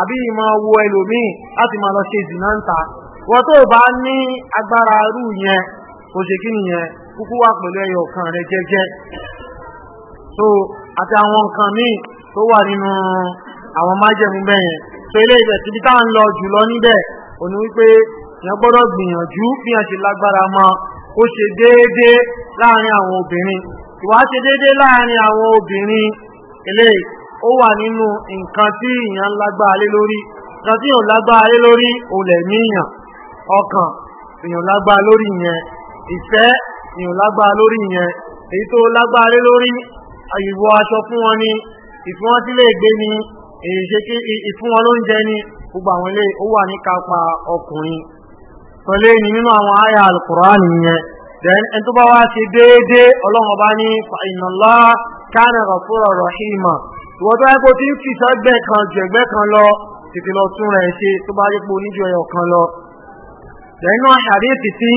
àbí ìmọ̀ wo ẹlòmíì láti máa lọ ṣe ìdìnà ń ta wọ́n tó bá ní agbára rú yẹn kò ṣe kí nìyẹn kúkú wà pẹ̀lú ẹyọ kan rẹ jẹ́jẹ́ so àti àwọn nǹkan míì tó wà nínú àwọn májẹ̀mú bẹ́yẹn so ilé ibẹ̀ síbi tá à ń lọ jùlọ níbẹ̀ òní wípé èèyàn gbọ́dọ̀ gbìyànjú bí wọ́n ṣe lágbára mọ́ ó ṣe déédéé láàrin àwọn obìnrin ìwà ṣe déédéé láàrin àwọn obìnrin eléyìí ó wà nínú nǹkan tí ìyàn lágbára lé lórí nǹkan tí èèyàn lágbára lé lórí olẹ̀ míyàn ọkàn lágbára lórí yẹn ìfẹ́ èèyàn lágbára lórí yẹn èyí tó lágbára lórí ìwọ aṣọ fún wọn ni ìfún wọn gbé ni èyí ṣe kí ìfún wọn ni gbogbo àwọn ilé wà ní kápá ọkùnrin pẹ̀lú nínú ní fa ìwọ́n tó ẹ́kọ́ tí ń fi sẹ́gbẹ́ kan jù ẹgbẹ́ kan lọ tètè lọ tún rẹ̀ ṣe tó bá yípo oníjọ ẹyọ kan lọ lẹ́yìn náà àdéhìtì tí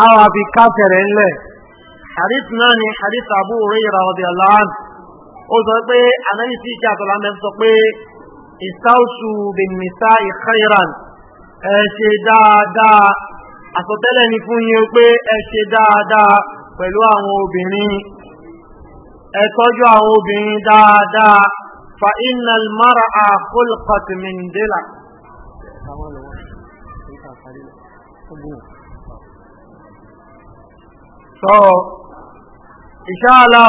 àwọn àfi káfẹ̀rẹ̀ ńlẹ̀ àdéhìtì náà ni àdéhìtì àbú òrìyàrá ọ̀dẹ̀ aláàánú ó sọ pé anábì sí ìṣe àtọ̀lá mẹ́fì sọ pé ìsáùsù bèmìsá ìkẹyìrán ẹ ṣe dáadáa àsọtẹ́lẹ̀ ni fún yín pé ẹ ṣe dáadáa pẹ̀lú àwọn obìnrin ẹ tọ́jú àwọn obìnrin dáadáa fa iná mara àkólkọt mìndílà so ìṣáàlá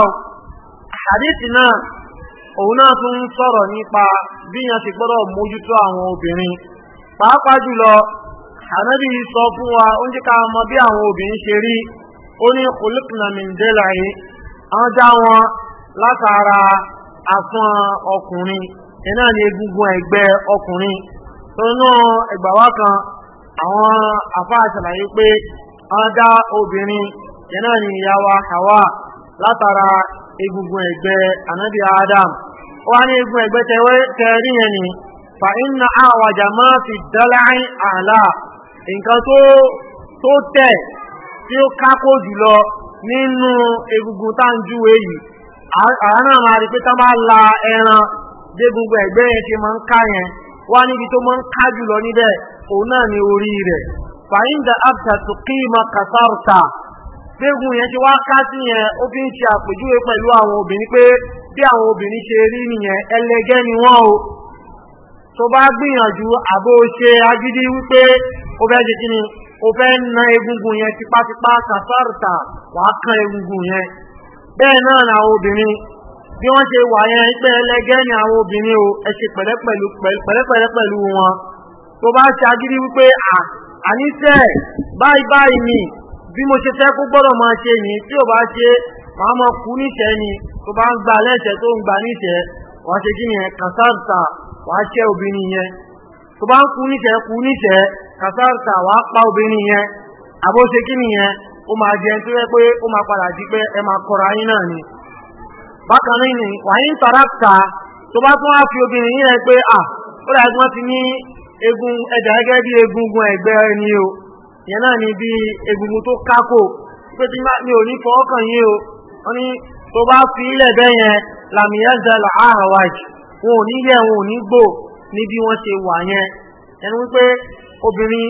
àdìsí náà òun náà tún ń sọ̀rọ̀ nípa bí yẹn ti gbọ́dọ̀ mójútó àwọn obìnrin pàápàá jùlọ ànábì sọ fún wa ó ká mọ bí àwọn obìnrin ṣe rí ó ní àwọn dá wọn látara àfọn ọkùnrin iná ni egungun ẹgbẹ́ ọkùnrin tónú ẹgbàwá kan àwọn àfáà ṣàlàyé pé wọ́n dá obìnrin iná ni ìyàwó Hawa látara egungun ẹgbẹ́ ànábì Adam ó wá ní egun ẹgbẹ́ tẹ̀rí yẹn ni fa inna àwàjà máa fi dálẹ́ àlà nǹkan tó tẹ̀ tí ó kákó jùlọ nínú egungun tá ń júwe yìí àwọn náà rí pé tá bá la ẹran dé gbogbo ẹgbẹ yẹn ti máa ń ká yẹn wá níbi tó máa ń ká jùlọ níbẹ̀ òun náà ni orí rẹ̀ fàyíǹda abta kí ma kàtàrùtà gbégun yẹn ti wá ká sí yẹn ó fi ń ṣe àpèjúwe pẹ̀lú àwọn obìnrin pé bí àwọn obìnrin ṣe rí nìyẹn ni wọ́n o fẹ́ na egungun yẹn tipa tipa wà á kan egungun yẹn bẹ́ẹ̀ náà ni àwọn obìnrin bí wọ́n ṣe wà yẹn pé ẹlẹ́gẹ́ ni àwọn obìnrin o ẹ ṣe pẹ̀lẹ́pẹ̀lẹ́ pẹ̀lú wọn tó bá ṣe agídí wípé àníṣẹ́ báyìí báyìí ni bí mo ṣe fẹ́ kó gbọ́dọ̀ máa ṣe yìí tí ò bá ṣe máa mọ kú níṣẹ́ ni tó bá ń gba lẹ́sẹ̀ tó ń gba níṣẹ́ wàá ṣe kí tó bá ń kú níṣẹ́ kú níṣẹ́ kàtàkà wà á pa obìnrin yẹn àbóṣe kí nìyẹn ó máa jẹ tó yẹ pé ó máa padà di pé ẹ máa kọra yín náà ni bákan náà ni wàá ń tó bá tún wá fi obìnrin yẹn pé à ó dàgbé ti ní egun ẹja gẹ́gẹ́ egungun o yẹn náà ni egungun tó kákò pé tí mi ò ní yín o tó bá fi ilẹ̀ bẹ́yẹn làmìyẹ́ zẹlẹ̀ àhàwájì wọn ò ní bí wọ́n ṣe wà yẹn ẹni wípé obìnrin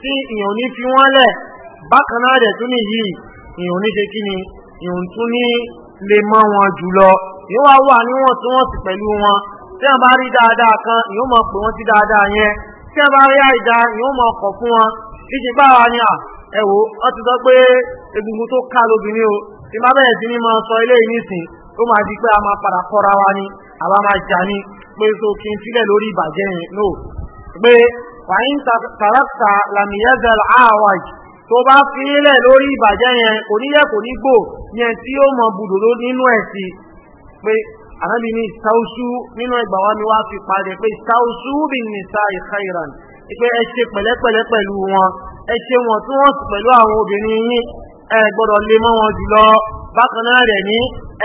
tí èèyàn ní fi wọ́n lẹ̀ bákan náà rẹ̀ tún nìyí èèyàn ní ṣe kí ni èèyàn tún ní lè mọ́ wọn jùlọ yóò wá wà níwọ̀n tí wọ́n sì pẹ̀lú wọn tí wọ́n bá rí dáadáa kan yóò mọ̀ pé wọ́n ti dáadáa yẹn tí wọ́n bá rí àìdá yóò mọ̀ ọkọ̀ fún wọn ìṣe báwa ni à ẹ̀wò wọ́n ti sọ pé egungun tó ká lóbìnrin o tí má bẹ̀rẹ̀ sí ní mọ sọ ilé ìnísìn ó máa di pé a máa padà kọ́ra wa ni àwa máa jà ni pé so kí n sílẹ̀ lórí ìbàjẹ́ yẹn no pé fàyín tàràtà làmìyẹ́zẹ̀ àwàj tó bá fílẹ̀ lórí ìbàjẹ́ yẹn kò ní yẹ kò ní gbò yẹn tí ó mọ bùdòdó nínú ẹ̀ sí pé ànábi ní ìsáúsú nínú ẹgbà wa ni wá fi padà pé ìsáúsú bí nìsa ìkàìràn pé ẹ ṣe pẹ̀lẹ́pẹ̀lẹ́ pẹ̀lú wọn ẹ ṣe wọn tí wọ́n sì pẹ̀lú àwọn obìnrin yín ẹ gbọ́dọ̀ lé mọ́ wọn jùlọ bákan náà rẹ̀ ní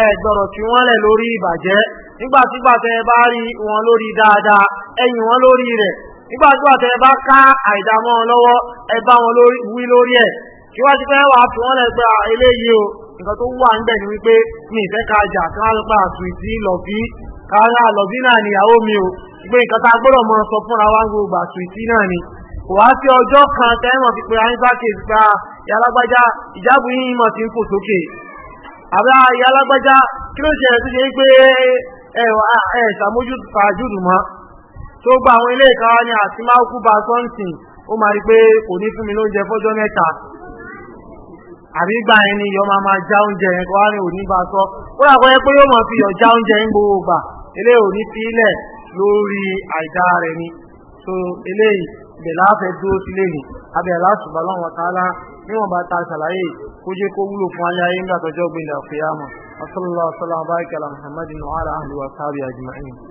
ẹ gbọ́dọ̀ fi wọ́n lẹ̀ lórí ìbàjẹ́ nígbàtígbà tẹ bá rí wọn lórí dáadáa ẹ̀yìn wọn lórí rẹ̀ nígbàtígbà tẹ bá ká àìdámọ́ wọn lọ́wọ́ ẹ bá wọn wí lórí ẹ̀ kí wá ti fẹ́ wà fún wọn lẹ́gbẹ́ eléyìí o nǹkan tó wà ń bẹ̀ ni wípé mi ìfẹ́ ká jà kí wọ́n pa àtúntì lọ́bí kára lọ́bí náà ni ìyàwó mi o pé nǹkan tá a gbọ́dọ̀ mọ sọ fúnra wa gbogbo àtúntì náà ni kò wá sí ọjọ́ kan tẹ́wọ̀n fi pe àyínsákè gba ìyálágbájá ìjábù yìí mọ̀ sí ẹ̀wà ẹ̀ ṣàmójú tó gba àwọn ilé ìkáwá ní àti máa kú bá sọ́ǹtìn ó máa rí pé kò fún mi lóúnjẹ fọ́jọ́ mẹ́ta yẹn ni ìyọ́ máa já oúnjẹ yẹn kọ́ ní bá sọ ó rà kọ́ pé yóò máa fi já oúnjẹ yẹn gbogbo gbà eléyìí ò ní sílẹ̀ lórí àìdá rẹ̀ ni so eléyìí ibẹ̀ láàfẹ́ dúró sílé nì abẹ́ aláṣùbà láwọn tààlà níwọ̀nba وصلى الله وسلم وبارك على محمد وعلى اله واصحابه اجمعين